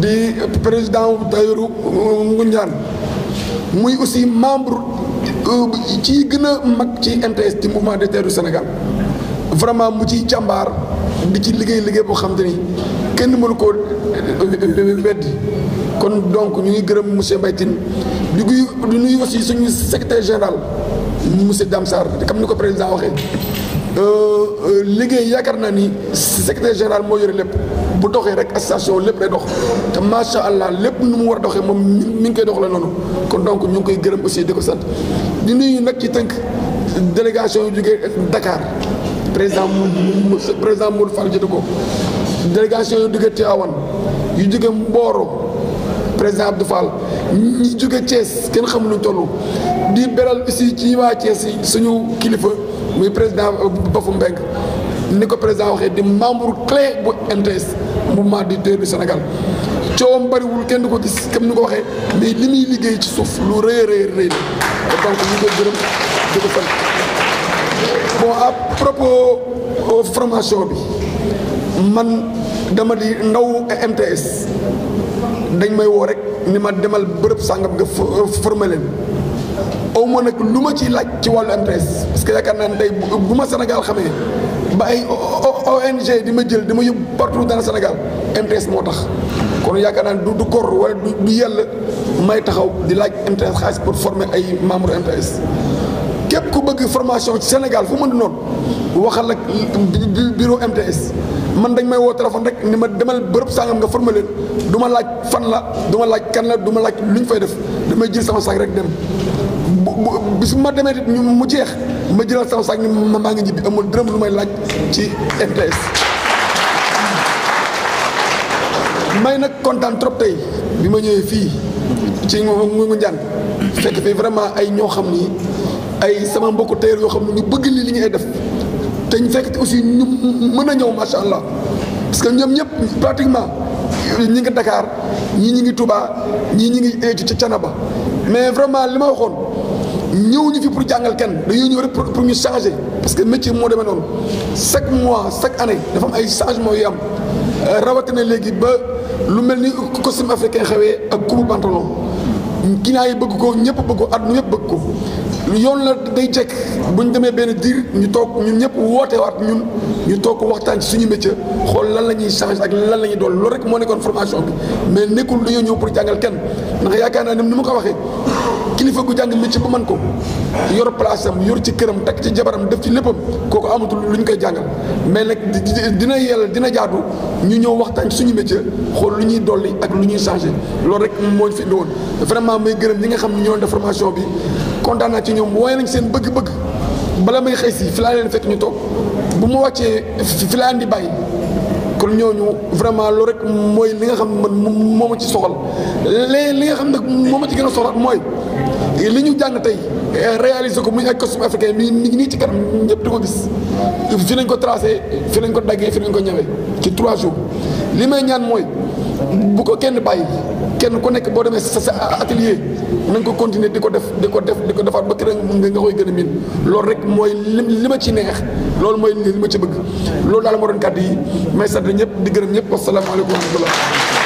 Speaker 3: di président Taïru euh, Ngunjaan muy aussi membre euh, ci gën a mag ci MTS ci mouvement des terres Sénégal vraiment mu ciy jàmbaar di ci liggéey liggéey boo xam te ni kenn mënu koo euh, weddi kon donc ñu ngi gërëm monsieur Mbaye Tine di nuyu di nuyu aussi suñu secrétaire général monsieur Dame Sarr comme ni ko président waxee. Euh, euh, liggéey yaakaar naa ni secrétaire général moo yore lépp bu doxee rek association lépp day dox te macha allah lépp nu mu war a doxee moom mi ngi koy dox la noonu kon donc ñu ngi koy gërëm aussi di ko sant di nag ci tënk délégation yu jógee Dakar président mu président Modou Fall ko délégation yu jógee Tivaouane yu jógee Mboro président Abdou Fall ñi jógee Thiès kenn xam lu di beral aussi ci waa Thiès suñu kilifa. muy président euh, Bafou Mbengue ni ko président waxee di membre clé bu MTS mouvement des tailleurs bi Sénégal coowam bëriwul kenn du ko gis comme ni ko waxee mais li muy liggéey ci suuf lu rëy rëy rëy la donc ñu koy gërëm di ko bon à propos euh, formation bi man dama di ndaw MTS dañ may woo rek ni ma demal bërëb sàngam nga euh, formé au moo nag lu ma ciy laaj ci wàllu MTS parce que yaakaar naa ne tey bu ma Sénégal xamee ba ay ONG di ma jël dama ma yóbbu partout dans le Sénégal MTS moo tax. kon yaakaar naa ne du du gor wala du du may taxaw di laaj MTS xaalis pour ay membre MTS. képp ku bëgg formation ci Sénégal foo mën di noonu waxal ak bureau MTS man dañ may woo téléphone rek ni ma demal bërëb sangam nga former leen du ma laaj fan la du ma laaj kan la du ma laaj lu ñu fay def. damay jël sama sac rek dem bis ma demee mu jeex ma jëlal sama sac ni ma maa ngi ñibbi amul dërëm lu may laaj ci MTS. may nag kontaan trop tey bi ma ñëwee fii ci Ngoundiane njaan fekk fii vraiment ay ñoo xam ni ay sama mbokku tailleur yoo xam ne ñu bëgg lii li ñu ñuy def te ñu fekk aussi ñu mën a ñëw macha allah parce que ñoom ñëpp pratiquement. ñi ngi Dakar ñii ñi ngi Touba ñii ñi ngi ci Canaba mais vraiment li ma waxoon ñëw ñu fi pour jàngal kenn dañuy ñëw rek pour ñu changer parce que métier moo demee noonu chaque mois chaque année dafa ay changement yu am euh, rawatina léegi ba lu mel ni costume africain xewee ak kubu pantalon. ginaa yi bëgg ko ñëpp bëgg ko àdduna yëpp bëgg ko yoon la day jekk bu ñu demee benn diir ñu toog ñun ñëpp woote waat ñun ñu toog waxtaan ci suñu métier xool lan la ñuy changé ak lan la ñuy doon loolu rek moo nekkoon formation bi mais nekkul dañoo ñëw pour jàngal kenn ndax yaakaar naa ni mu ko waxee. kilifa gu jàng métier bu man ko yor place am yor ci këram takk ci jabaram def ci léppam kooku amatul lu ñu koy jàngal mais nag dina yàlla dina jaadu ñu ñëw waxtaan suñu métier xool lu ñuy dolli ak lu ñuy changé loolu rek mooñ fi indi woon vraiment may gërëm ñi nga xam ne ñoo def formation bi kontaan naa ci ñoom waaye nañ seen bëgg-bëgg bala may xëy si fi fekk ñu toog bu mu wàccee fi laa andi bàyyi kon ñooñu vraiment loolu rek mooy li nga xam man moo ma ci soxal léegi li nga xam nag moo ma ci gën a soxal mooy li ñu jàng tey réaliser ko muy ay costume africain nii nii ci kanam ñëpp di ko gis fi nañ ko tracé fi nañ ko daggee fi nañ ko ñawee ci trois jours. li may ñaan mooy bu ko kenn bàyyi kenn ku nekk boo demee sa sa atelier na nga ko continuer di ko def di ko def di ko defaat ba kër nga koy gën a miin loolu rek mooy li li ma ci neex loolu mooy li ma ci bëgg loolu laal moo doon kàddu yi may sant ñëpp di gërëm ñëpp wasalaamaaleykum wa rahmatullah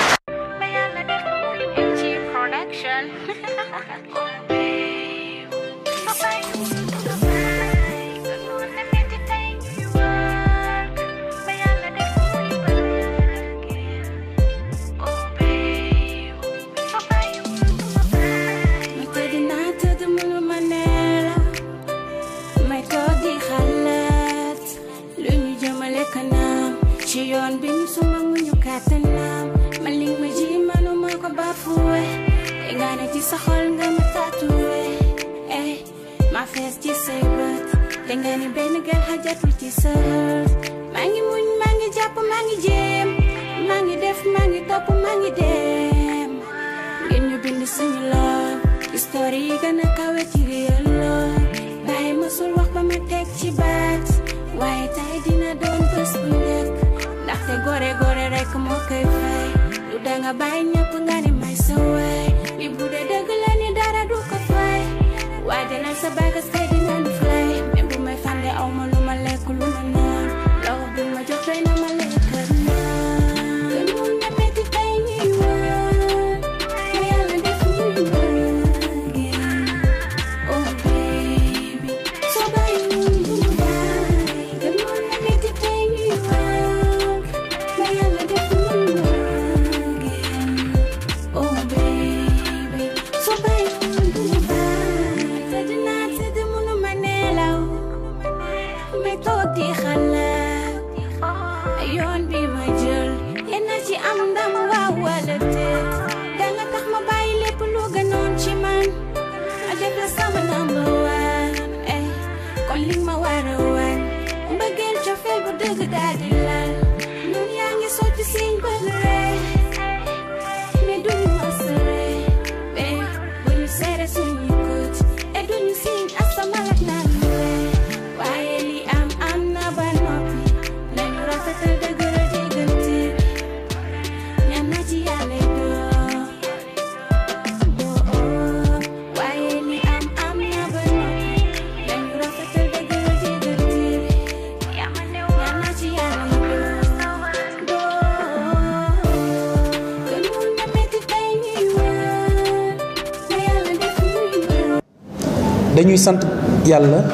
Speaker 12: ñuy sant yàlla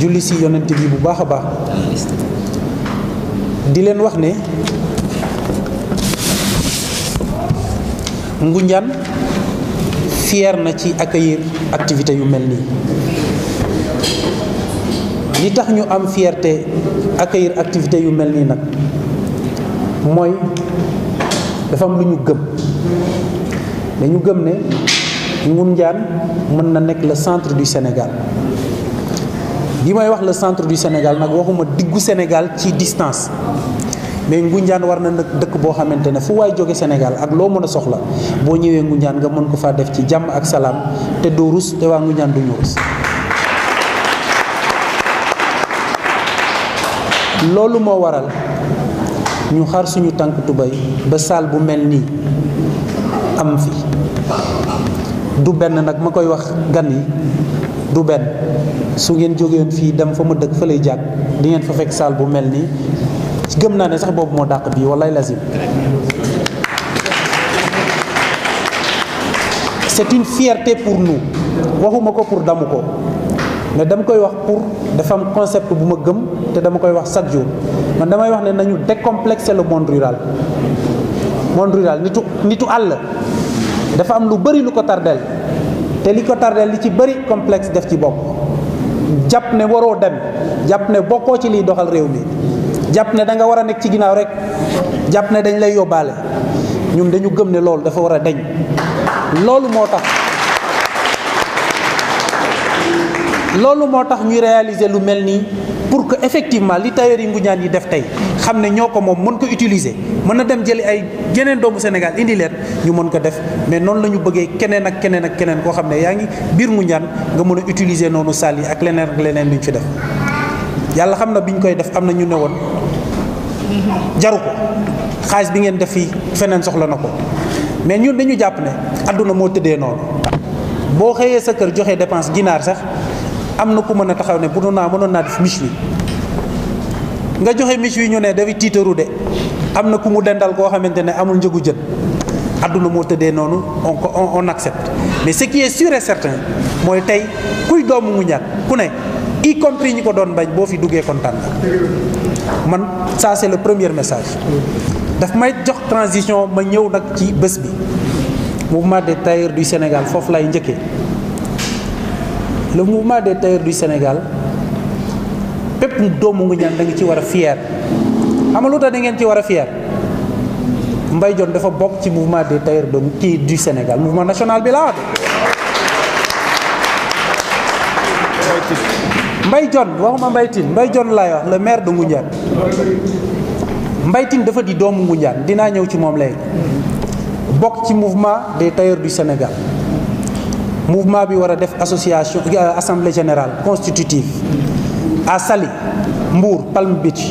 Speaker 12: julli si yonent bi bu baax a baax di leen wax ne Ngoundiane fier na ci accueillir activité yu mel nii li tax ñu am fierté accueillir activité yu mel nii nag mooy dafa lu ñu gëm dañu gëm ne Ngoundiane mën na nekk la centre du Sénégal bi may wax la centre du Sénégal nag waxuma diggu Sénégal ci distance mais ngunjaan war na nag dëkk boo xamante ne fu waay jóge Sénégal ak loo mën a soxla boo ñëwee ngunjaan nga mën ko faa def ci jàmm ak salaam te du rus te waa Ngoundiane du ñu rus loolu moo waral ñu xar suñu tànk tubay ba saal bu mel nii am fi du benn nag ma koy wax gan yi du benn su ngeen jógeen fii dem fa ma dëkk fa lay jàkk di ngeen fa fekk saal bu mel nii gëm naa ne sax boobu moo dàq bii wallaay lazim c'est une fierté pour nous waxuma ko pour damu ko mais dama koy wax pour dafa am concept bu ma gëm te dama koy wax chaque jour man damay wax ne nañu décomplexer le monde rural monde rural nitu nitu àll dafa am lu bari lu ko tardeel te li ko tardeel li ci bëri complexe def ci bopp jàpp ne waroo dem jàpp ne bokkoo ci liy doxal réew mi jàpp ne da nga war a nekk ci ginnaaw rek jàpp ne dañ lay yóbbaale ñoom dañu gëm ne loolu dafa war a deñ loolu moo tax loolu moo tax ñuy réaliser lu mel nii effectivement li tailleur yi Ngoundiane yi def tey xam ne ñoo ko moom mën ko utiliser mën a dem jëli ay geneen doomu Sénégal indi leen ñu mën ko def mais noonu la ñu bëggee keneen ak keneen ak keneen koo xam ne yaa ngi biir Ngoundiane nga mën a utiliser noonu salle ak leneen leneen lu ñu fi def yàlla xam na bi ñu koy def am na ñu ne woon jaru ko xaalis bi ngeen def fii feneen soxla na ko mais ñun dañu jàpp ne àdduna moo tëddee noonu boo xëyee sa kër joxe dépense ginaar sax am na ku mën a taxaw ne bu naa mënoon naa def miche nga joxe miche yu ñu ne dafay tiitaru de am na ku mu dendal koo xamante ne amul njëgu jën àdduna moo tëddee noonu on on accepte mais ce qui est sûr et mooy tey kuy doomu mu ñàkk ku ne y compris ñu ko doon bañ boo fi duggee kontaan man ça c'est le première message daf may jox transition ma ñëw nag ci bés bi mouvement des tailleurs du Sénégal foofu lay njëkkee le mouvement des tailleurs du Sénégal bépp doomu ngu ñaan da war a fier xam lu tax ci war a fier Mbaye dafa ci mouvement des tailleurs de kii du Sénégal national bi laa wax Mbaye Dione waxuma Mbaye Tine Mbaye Dione laay wax le maire de Ngoundiane Mbaye Tine dafa di doomu Ngoundiane dinaa ñëw ci moom léegi bokk ci mouvement des tailleurs du Sénégal mouvement bi war a def association euh, assemblée général constitutive à Saly Mbour Palm Beach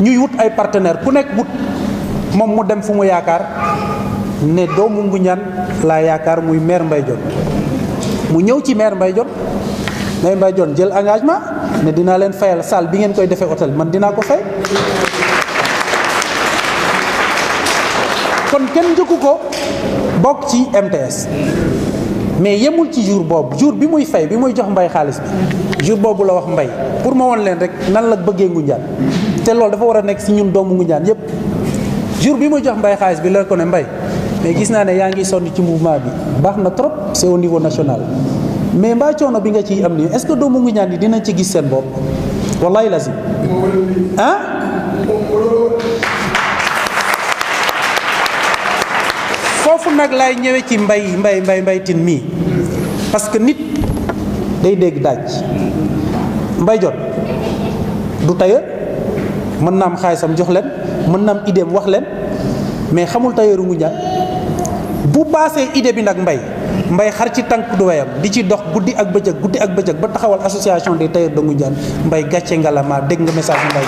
Speaker 12: ñuy wut ay partenaire ku nekk wut moom mu dem fu mu yaakaar ne doomu Ngoundiane laa yaakaar muy maire Mbaye Dione mu ñëw ci maire Mbaye Dione maire Mbaye Dione jël engagement ne dinaa leen fayal salle bi ngeen koy defee hôtel man dinaa ko fay kon kenn njëkku ko bokk ci MTS mais yemul ci jour boobu jour bi muy fay bi muy jox mbay xaalis bi jour boobu la wax mbay pour ma woon leen rek nan la bëggee Ngoundiane te loolu dafa war a nekk si ñun doomu Ngoundiane yépp jour bi muy jox mbay xaalis bi la ko ne mbay mais gis naa ne yaa ngi sonn ci mouvement bi baax na trop c'est au niveau national mais mbaa coono bi nga ciy am ni est-ce que doomu Ngoundiane yi dinañ ci gis seen bopp wallaay lazim ah foofu nag laay ñëwee ci mbay mbay mbay mbaytin mii parce que nit day dégg daaj mbay jot du tailleur mën na am xaalisam jox leen mën na am idée wax leen mais xamul tailleur ngu ñàkk bu paasee idée bi nag mbay mbay xar ci tànk du wayam di ci dox guddi ak bëccëg guddi ak bëccëg ba taxawal association des tailleurs de Ngoundiane mbay gàcce nga la ma dégg nga message mbay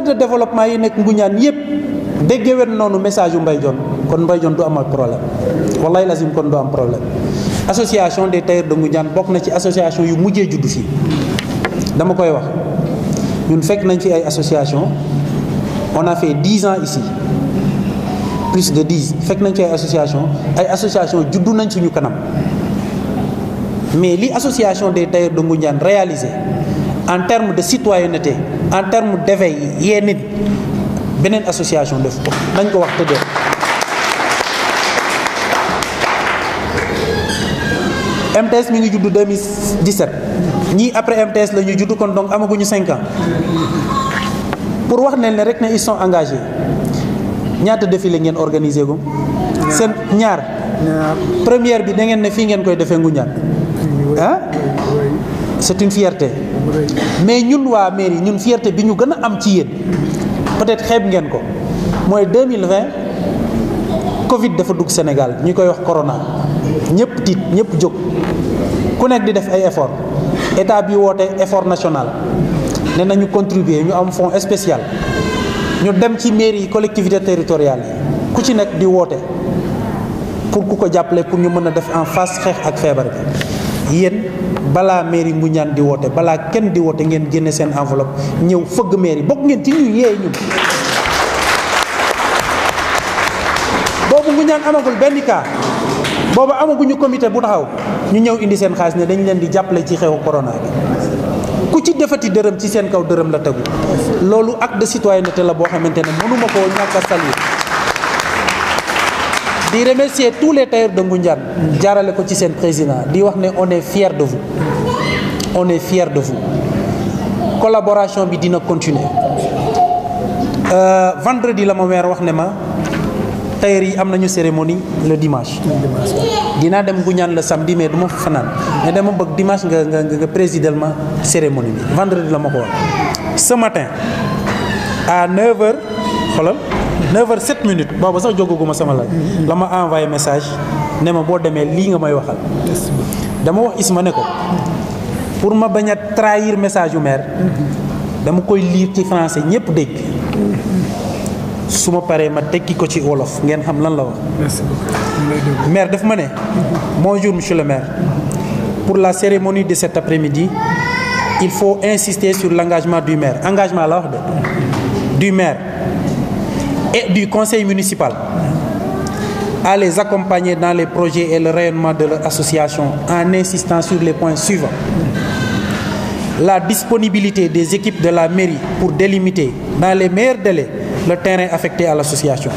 Speaker 12: acteur de développement yi nekk nguñaan yépp déggee wen noonu message yu Mbaye Dione kon Mbaye Dione du amal problème wallahi lazim kon du am problème association des tailleurs de Ngoundiane bokk na ci association yu mujjee juddu fii dama koy wax ñun fekk nañ fi ay association on a fait dix ans ici plus de dix fekk nañ fi ay association ay association juddu nañ suñu kanam mais li association des tailleurs de Ngoundiane réaliser en terme de citoyenneté en termes d'éveil yee nit beneen association def ko nañ ko wax tëddee. MTS mi ngi di 2017 ñii après MTS la ñuy judd kon donc amaguñu 5 pour wax ne ne rek ne ils sont engagés ñaata défilé ngeen organisé ko. seen ñaar première bi da ngeen ne fii ngeen koy defee Ngoundiane ah c'est une fierté. mais ñun waa mairie ñun fierté bi ñu gën a am ci yéen peut-être xeeb ngeen ko mooy 2020 Covid dafa dugg Sénégal ñu koy wax corona ñëpp tiit ñëpp jóg ku nekk di def ay effort état bi woote effort national ne nañu contribuer ñu am fonds spécial ñu dem ci mairie yi collectivité territoriale yi ku ci nekk di woote pour ku ko jàppale pour ñu mën a def en face xeex ak feebar bi yéen balaa mairie ñaan di woote balaa kenn di woote ngeen génne seen enveloppe ñëw fëgg mairie bokk ngeen ci ñu yee ñu boobu Ngoundiane amagul benn kaa boobu amaguñu comité bu taxaw ñu ñëw indi seen xaalis ne dañ leen di jàppale ci xew corona bi ku ci defati dërëm ci seen kaw dërëm la tegu loolu acte de citoyenneté la boo xamante ne mënuma koo ñàkk a di remercier tous les tailleurs de Ngoundiane jaarale ko ci seen président di wax ne on est fier de vous on est fier de vous collaboration bi dina continuer euh, vendredi la ma weer wax ne ma tailleurs yi am nañu cérémonie le dimanche dinaa dem Ngoundiane le samedi mais du ma fa fanaan mais dama bëgg dimanche nga nga nga présidel ma cérémonie bi vendredi la ma ko wax ce matin à 9h 9h07 minutes booba sax jógaguma sama laaj. la ma envoyé message ne ma boo demee lii nga may waxal. dama wax Isma ne ko pour ma bañ a trahir message yu maire dama koy liir ci français ñëpp dégg su ma paree ma tekki ko ci wolof ngeen xam lan la wax. maire daf ma ne. bonjour monsieur le maire. pour la cérémonie de cet après-midi il faut insister sur l'engagement du maire engagement la wax de du maire. et du conseil municipal à les accompagner dans les projets et le rayonnement de leur association en insistant sur les points suivants. La disponibilité des équipes de la mairie pour délimiter dans les meilleurs délais le terrain affecté à l'association.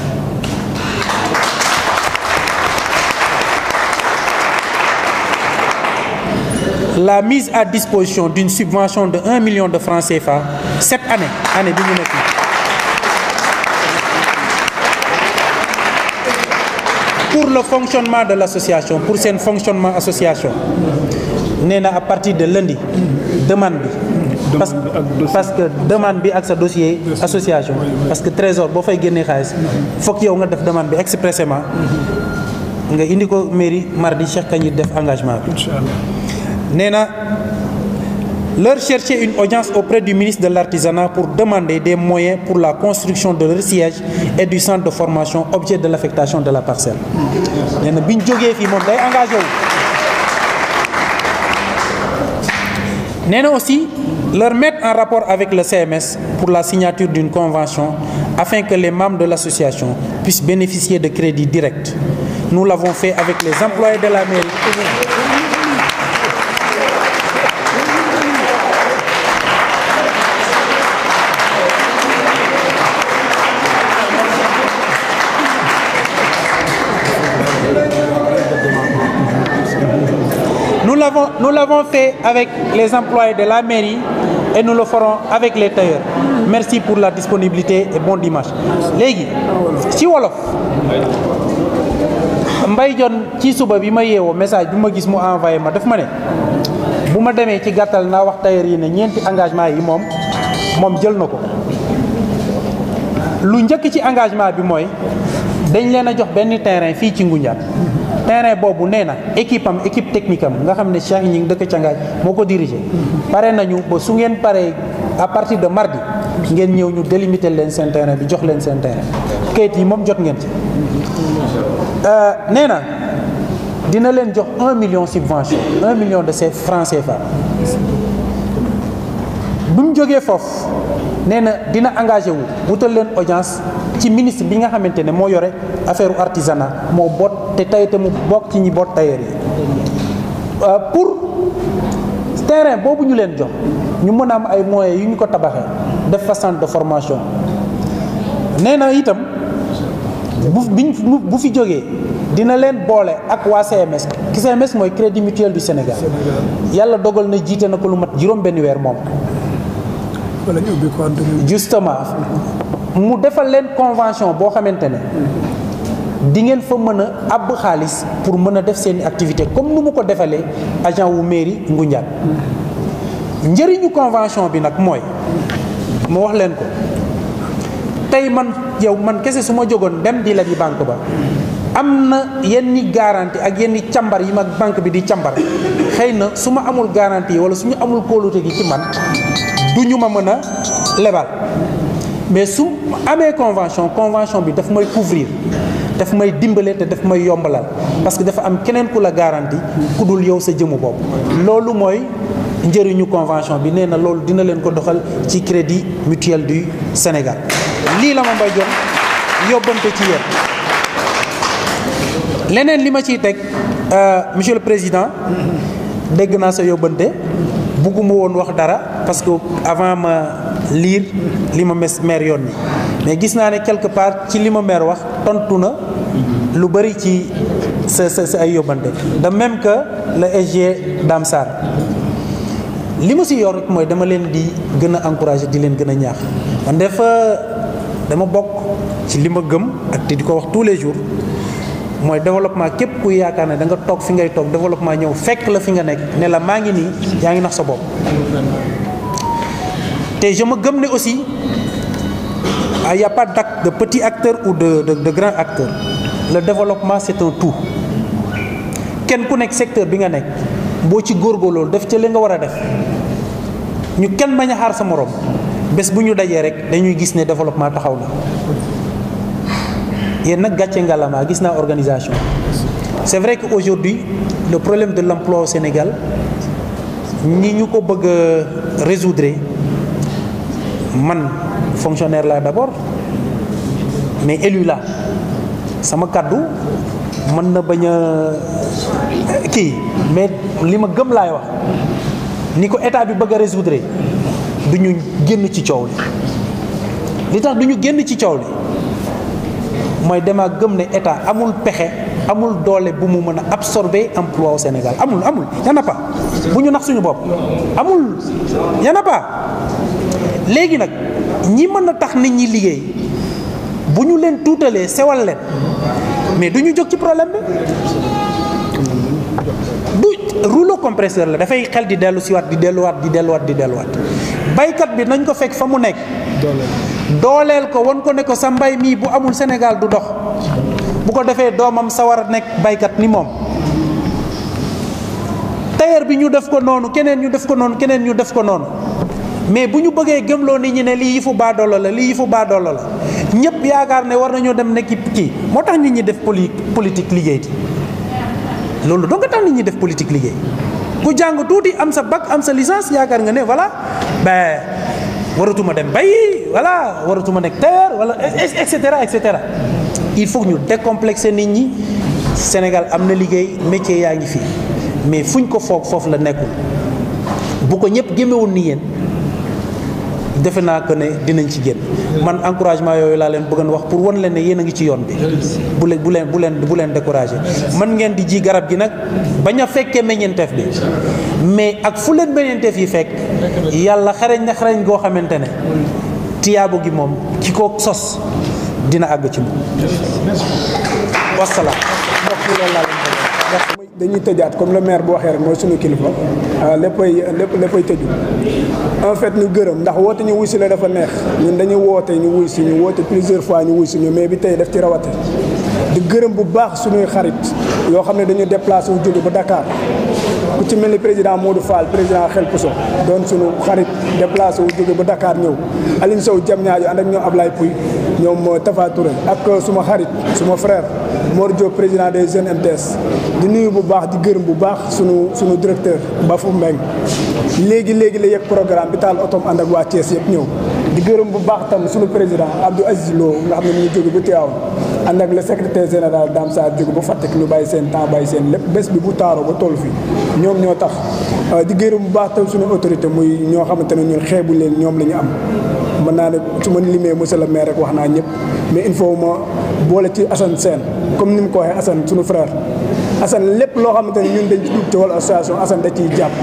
Speaker 12: La mise à disposition d'une subvention de 1 million de francs CFA cette année, année 2019. pour le fonctionnement de l'association pour seen fonctionnement association nee na à partir de lundi demande bi parce parce que demande bi ak sa dossier association parce que trésor boo fay génnee xaalis foog yow nga def demande bi expressément nga indi ko mairie mardi Cheikh Kandji def engagement bi nee leur chercher une audience auprès du ministre de l'Artisanat pour demander des moyens pour la construction de leur siège et du centre de formation objet de l'affectation de la parcelle. nee na bi ñu jógee fii moom day engagé nee na aussi leur mettre en rapport avec le CMS pour la signature d'une convention afin que les membres de l'association puissent bénéficier de crédits directs. Nous l'avons fait avec les employés de la mairie. l'avons, nous l'avons fait avec les employés de la mairie et nous le ferons Merci pour la disponibilité et bon léegi ci wolof Mbaye Dione ci suba bi ma yeewoo message bi ma gis mu envoyé ma daf ma ne bu ma demee ci gàttal naa wax tailleur yi ne ñeenti engagement yi moom moom jël na ko lu njëkk ci engagement bi mooy dañ leen a jox benn terrain fii ci Ngoundiane terrain boobu nee na équipe am équipe technique am nga xam ne Cheikh ñi ngi dëkk cangaaj moo ko dirigé pare nañu ba su ngeen paree à partir de mardi ngeen ñëw ñu délimiter leen seen terrain bi jox leen seen terrain kayit yi moom jot ngeen ci euh, nee na dina leen jox un million subvention un million de ces francs CFA bi mu jógee foofu nee na dina engagé wu wutal leen audience ci ministre bi nga xamante ne moo yore affaire artisanat moo boot te tey te mu bokk ci ñi boot tailleur yi euh, pour terrain boobu ñu leen jox ñu mën am ay moyens yu ñu ko tabaxee def fa de formation nee na itam bu biñ bu fi jógee dina leen boole ak waa CMS CMS mooy Crédit Mutuel du Sénégal yàlla dogal na jiite na ko lu mat juróom benn weer moom wala ñu ubbi compte justement mu defal leen convention boo xamante ne di ngeen fa mën a àbb xaalis pour mën a def seen activité comme nu mu ko defalee agent wu mairie Ngoundiane njëriñu convention bi nag mooy mu wax leen ko tey man yow man kese su ma jógoon dem di la ji banque ba am na yenn garanti ak yenn cambar yi mag banque bi di càmbar xëy na su ma amul garanti wala su ñu amul kóolute gi ci man du ñu ma mën a lebal mais su amee convention convention bi daf may couvrir daf may dimbale te daf may yombalal parce que dafa am keneen ku la garantie ku dul yow sa jëmu bopp loolu mooy njëriñu convention bi nee na loolu dina leen ko doxal ci crédit mutuel du Sénégal lii la ma mbay jon yóbbante ci yéen leneen li ma ciy teg euh, monsieur le président dégg naa sa yóbbante bugguma woon wax dara parce que avant ma liir li ma mes maire yoon ni mais gis naa ne quelque part ci li ma maire wax tontu na lu bëri ci sa sa ay yóbbante de même que le SG Dame Sarr li ma si yor mooy dama leen di gën a encourager di leen gën a ñaax man dafa euh, dama bokk ci li ma gëm ak di ko wax tous les jours mooy développement képp ku yaakaar ne da nga toog fi ngay toog développement ñëw fekk la fi nga nekk ne la maa ngi nii yaa ngi nax sa bopp. te je me gëm ne aussi il ah, y a pas d'acte de petit acteur ou de de de grand acteur le développement c'est un kenn ku nekk secteur bi nga nekk boo ci loolu def ca li nga war a def ñu kenn bañ a xaar sa moroom bés bu ñu dajee rek dañuy gis ne développement taxaw na. yéen nag gàcce ngalamaa gis naa organisation c'est vrai que aujourd'hui le problème de l'emploi au Sénégal ni ñu ko bëgg a man fonctionnaire laa d'abord mais élu la sama kàddu mën na bañ a kii mais li ma gëm laay wax ni ko état bi bëgg a du ñu génn ci coow li li tax du ñu génn ci coow li mooy dama gëm ne état amul pexe amul doole bu mu mën a absorber emploi au Sénégal amul amul y'en a bu ñu nax suñu bopp amul y'en a léegi nag ñi mën a tax nit ñi liggéey bu ñu leen tuutalee sewal leen mais du ñu jóg ci problème bi du rouleau compresseur la dafay xel di dellu siwaat di delluwaat di delluwaat di delluwaat baykat bi nañ ko fekk fa mu nekk dooleel ko wan ko ne ko sa mbay mii bu amul Sénégal du dox bu ko defee doomam sa war a nekk baykat ni moom tailleur bi ñu def ko noonu keneen ñu def ko noonu keneen ñu def ko noonu mais bu ñu bëggee gëmloo nit ñi ne lii yëfu baadoola la lii yëfu baadoola la ñëpp yaakaar ne war nañoo dem nekk kii moo tax nit ñi def poli politique liggéey di loolu doo nga tax nit ñi def politique liggéey ku jàng tuuti am sa bac am sa licence yaakaar nga ne voilà ben waratuma dem bay voilà waratuma nekk terre wala et cetera et cetera il faut ñu décomplexer nit ñi Sénégal am na liggéey métier yaa ngi fii mais fuñ ko foog foofu la nekkul bu ko ñëpp gémmewul ni yéen. defe naa que ne dinañ ci génn man encouragement yooyu laa leen bëggoon wax pour wan leen ne yéen ngi ci yoon bi bu leen bu leen bu leen bu leen man ngeen di ji garab gi nag bañ a fekkee meññeenteef bi mais ak fu leen meññeenteef yi fekk yàlla xarañ na xareñ goo xamante ne tiyaabo gi moom ki ko sos dina àgg ci moom wasalaam mbokk
Speaker 7: dañuy tëjaat comme le maire bu waxee rek mooy suñu kilifa euh, léppay lépp léppay tëju en fait ñu gërëm ndax woote ñu wuy si la dafa neex ñun dañuy woote ñu wuy si ñu woote plusieurs fois ñu wuy si ñu mais bi tey daf ci rawate di gërëm bu baax suñuy xarit yoo xam ne dañu déplacé wu jóge ba dakaar ku ci mel ni président Modou Fall président xel Pouso doon suñu xarit déplacé wu jóge ba dakaar ñëw Aline Sow jam ñaajo ànd ak ñoom Ablaye Pouy ñoom Tafa Touré ak suma xarit suma frère Mor joo président des jeunes MTS di nuyu bu baax di gërëm bu baax sunu sunu directeur Bafou Mbeng léegi léegi la yegg programme bi taal otom ànd ak waa Thiès yëpp ñëw di gërëm bu baax tam sunu président Abdou Aziz Lo nga xam ne mu ngi jóge bu Tiwaawan ànd ak la secrétaire général Dame Sarr jóge bu Fatick ñu bàyyi seen temps bàyyi seen lépp bés bi bu taaroo ba toll fii ñoom ñoo tax di gërëm bu baax tam suñu autorité muy ñoo xamante ne ñun xeebu leen ñoom la ñu am mën naa ne su ma limee monsieur le maire rek wax naa ñëpp mais il faut ma boole ci Assane Sène comme ni mu ko waxee Assane suñu frère Assane lépp loo xamante ne ñun dañ ci dugg ci wàllu association Assane da ciy jàpp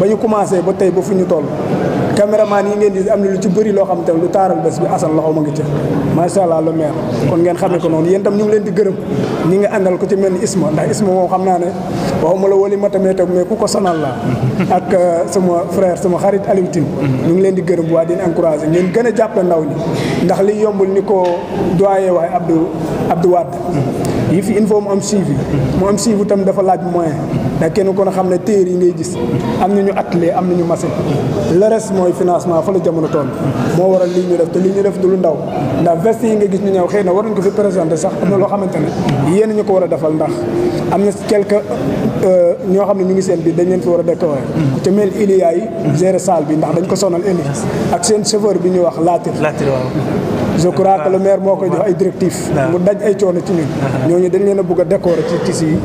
Speaker 7: ba ñu commencé ba tey ba fu ñu toll caméraman yi ngeen di am na lu ci bëri loo xam tam lu taaral bés bi asan loxo ma ngi ci macha allah le maire kon ngeen xamee ko noonu yéen tam ñu ngi leen di gërëm ñi nga àndal ko ci mel ni Isma ndax Isma moom xam naa ne waxuma la wali ma tamee toog mais ku ko sonal la ak euh, sama frère sama xarit Aliou Tine ngi leen di gërëm waa di encouragé ngeen gën a jàppale ndaw ñi ndax li yombul ni ko doyee waaye Abdou Abdou Wade yi fi il faut mu am suivi mu am suivi tam dafa laaj moyen ndax kenn kon a xam ne téer yi ngay gis am na nañu atelier am na ñu le reste mooy financement fa la jamono toll moo waral li ñu def te li ñu def du ndaw ndax veste yi nga gis ñu ñëw xëy na waruñ ko fi présenté sax am na loo xamante ne yéen ñu ko war a defal ndax am na quelque euh, ñoo xam ne ñu ngi seen biir dañ leen fi war a décorer ku ca mel Ilia yi gérer salle bi ndax dañ ko sonal Ilia ak seen chauffeur bi ñu wax laatir je crois que le moo koy jox ay directives mu daj ay coono ci ñun ñooñu dañ leen a bëgg a décorer ci tissu yi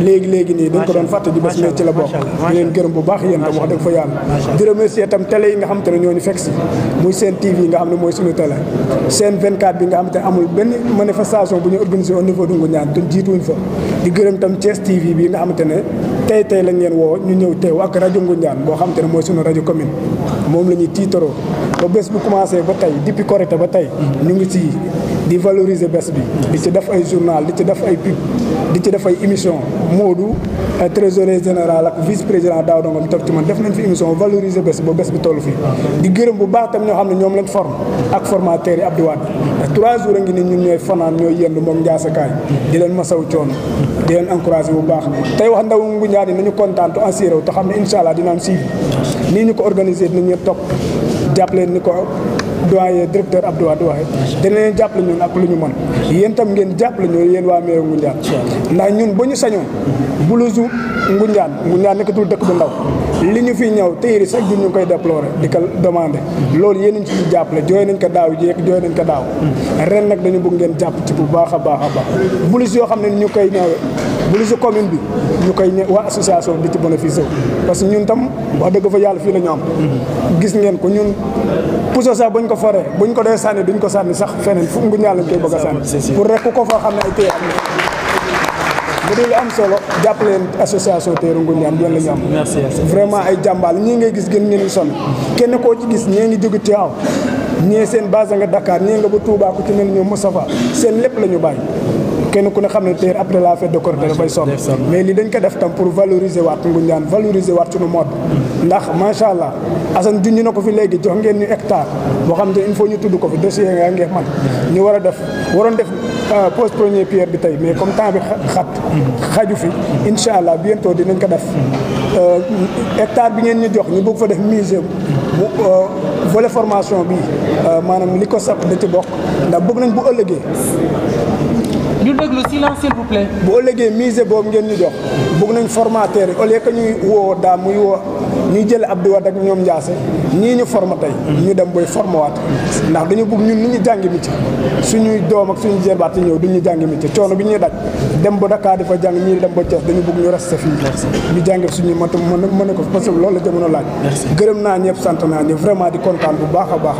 Speaker 7: léegi léegi nii dañ ko doon fàtte di bés mais ci la bokk di leen gërëm bu baax yéen tam wax dëgg yàlla di remercier itam télé yi nga xam te ne ñooñu fekk si muy seen TV yi nga xam ne mooy suñu télé seen 24 bi nga xam te amul benn manifestation bu ñu organisé au niveau du Ngoundiane te jiituñ fa di gërëm itam Thiès TV bi nga xam ne tey tey lañ leen woo ñu ñëw teew ak rajo Ngoundiane boo xam ne mooy suñu rajo commune moom la ñuy tiitaroo ba bés bu commencé ba tey depuis Korité ba tey ñu ngi ci di valoriser bés bi di ci def ay journal di ci def ay pub di ci def ay émission Modou euh, trésorier général ak vice président daaw dongom toog ci man def nañ fi émission valoriser bés ba bés bi toll fii di gërëm bu baax tam ñoo xam ne ñoom lañ forme ak formateur yi Abdou Wade trois jours a ngi ni ñun ñooy fanaan ñooy yenn moom njaasakaay di leen masaw coono di leen encouragé bu baax tey wax ndaw ngu ñaar yi nañu kontaan tu en siiréw xam ne incha allah dina am suivi nii ñu ko organisé dinañu topp jàppale ni ko doyen directeur Abdou Wade waxee dina leen jàppale ñun ak lu ñu mën yéen tam ngeen jàppale ñu yéen waa meeru Ngoundiane ndax ñun ba ñu sañoon bulusu Ngoundiane Ngoundiane nekkatul dëkk bu ndaw li ñu fi ñëw téyiri sax jun ñu koy déplorer di ko demande loolu yéen ñu ci jàppale jooy nañ ko daaw jéeg jooy nañ ko daaw ren nag dañu bëgg ngeen jàpp ci bu baax a baax a baax bulus yoo xam ne ñu koy ñëwee budget commune bi ñu koy ne waa association di ci bénéficier parce que ñun tam wax dëgg fa yàlla fii la ñu am gis ngeen ko ñun puso sax buñ ko foree buñ ko dee sànni duñ ko sànni sax feneen fu ngu ñaar lañ koy bëgg a sànni pour rek ku ko foo xam ne ay téye am bu dee lu am solo jàppaleen association Téeré Ngoundiane yoon la ñu am vraiment ay jàmbaal ñii ngay gis gën ngeen sonn kenn koo ci gis ñee ngi jóge Tiwaawan ñee seen base nga dakaar ñee nga ba Touba ku ci mel ñoom Moustapha seen lépp la ñu bàyyi kenn ku ne xam ne teer après la fête de Korité la bay sonn mais li dañ ko def tam pour valoriser waat Ngoundiane valoriser waat suñu mode ndax macha allah Assane junj na ko fi léegi jox ngeen ni hectare boo xam ne il faut ñu tudd ko fi dossier nga ngee man ñu war a def waroon def euh, pose première pierre bi tey mais comme temps bi xat xaju fi incha allah bientôt dinañ ko def euh, hectare bi ngeen ñu jox ñu bëgg fa def musée euh, volet formation bi maanaam li ko sap da ci bokk ndax bëgg nañ bu ëllëgee
Speaker 12: ñu déglu silence s'il vous plaît.
Speaker 7: musée boobu ngeen ñu jox bëgg nañ formateur yi au lieu que ñuy woo daa muy woo ñuy jël Abdou Wade ak ñoom Ndiassé ñii ñu forma tey. ñu dem booy formawaat ndax dañu bëgg ñu ni ñu jàngi métier suñuy doom ak suñu jébaat yi ñëw du ñu jàngi ci coono bi ñu daj dem ba Dakar di fa jàng ñii dem ba Thiès dañu bëgg ñu resté fii. ñu jàngi suñuy matum mën a mën a ko parce que loolu la jamono laaj. gërëm naa ñëpp sant naa ñëpp
Speaker 8: vraiment di kontaan bu baax a baax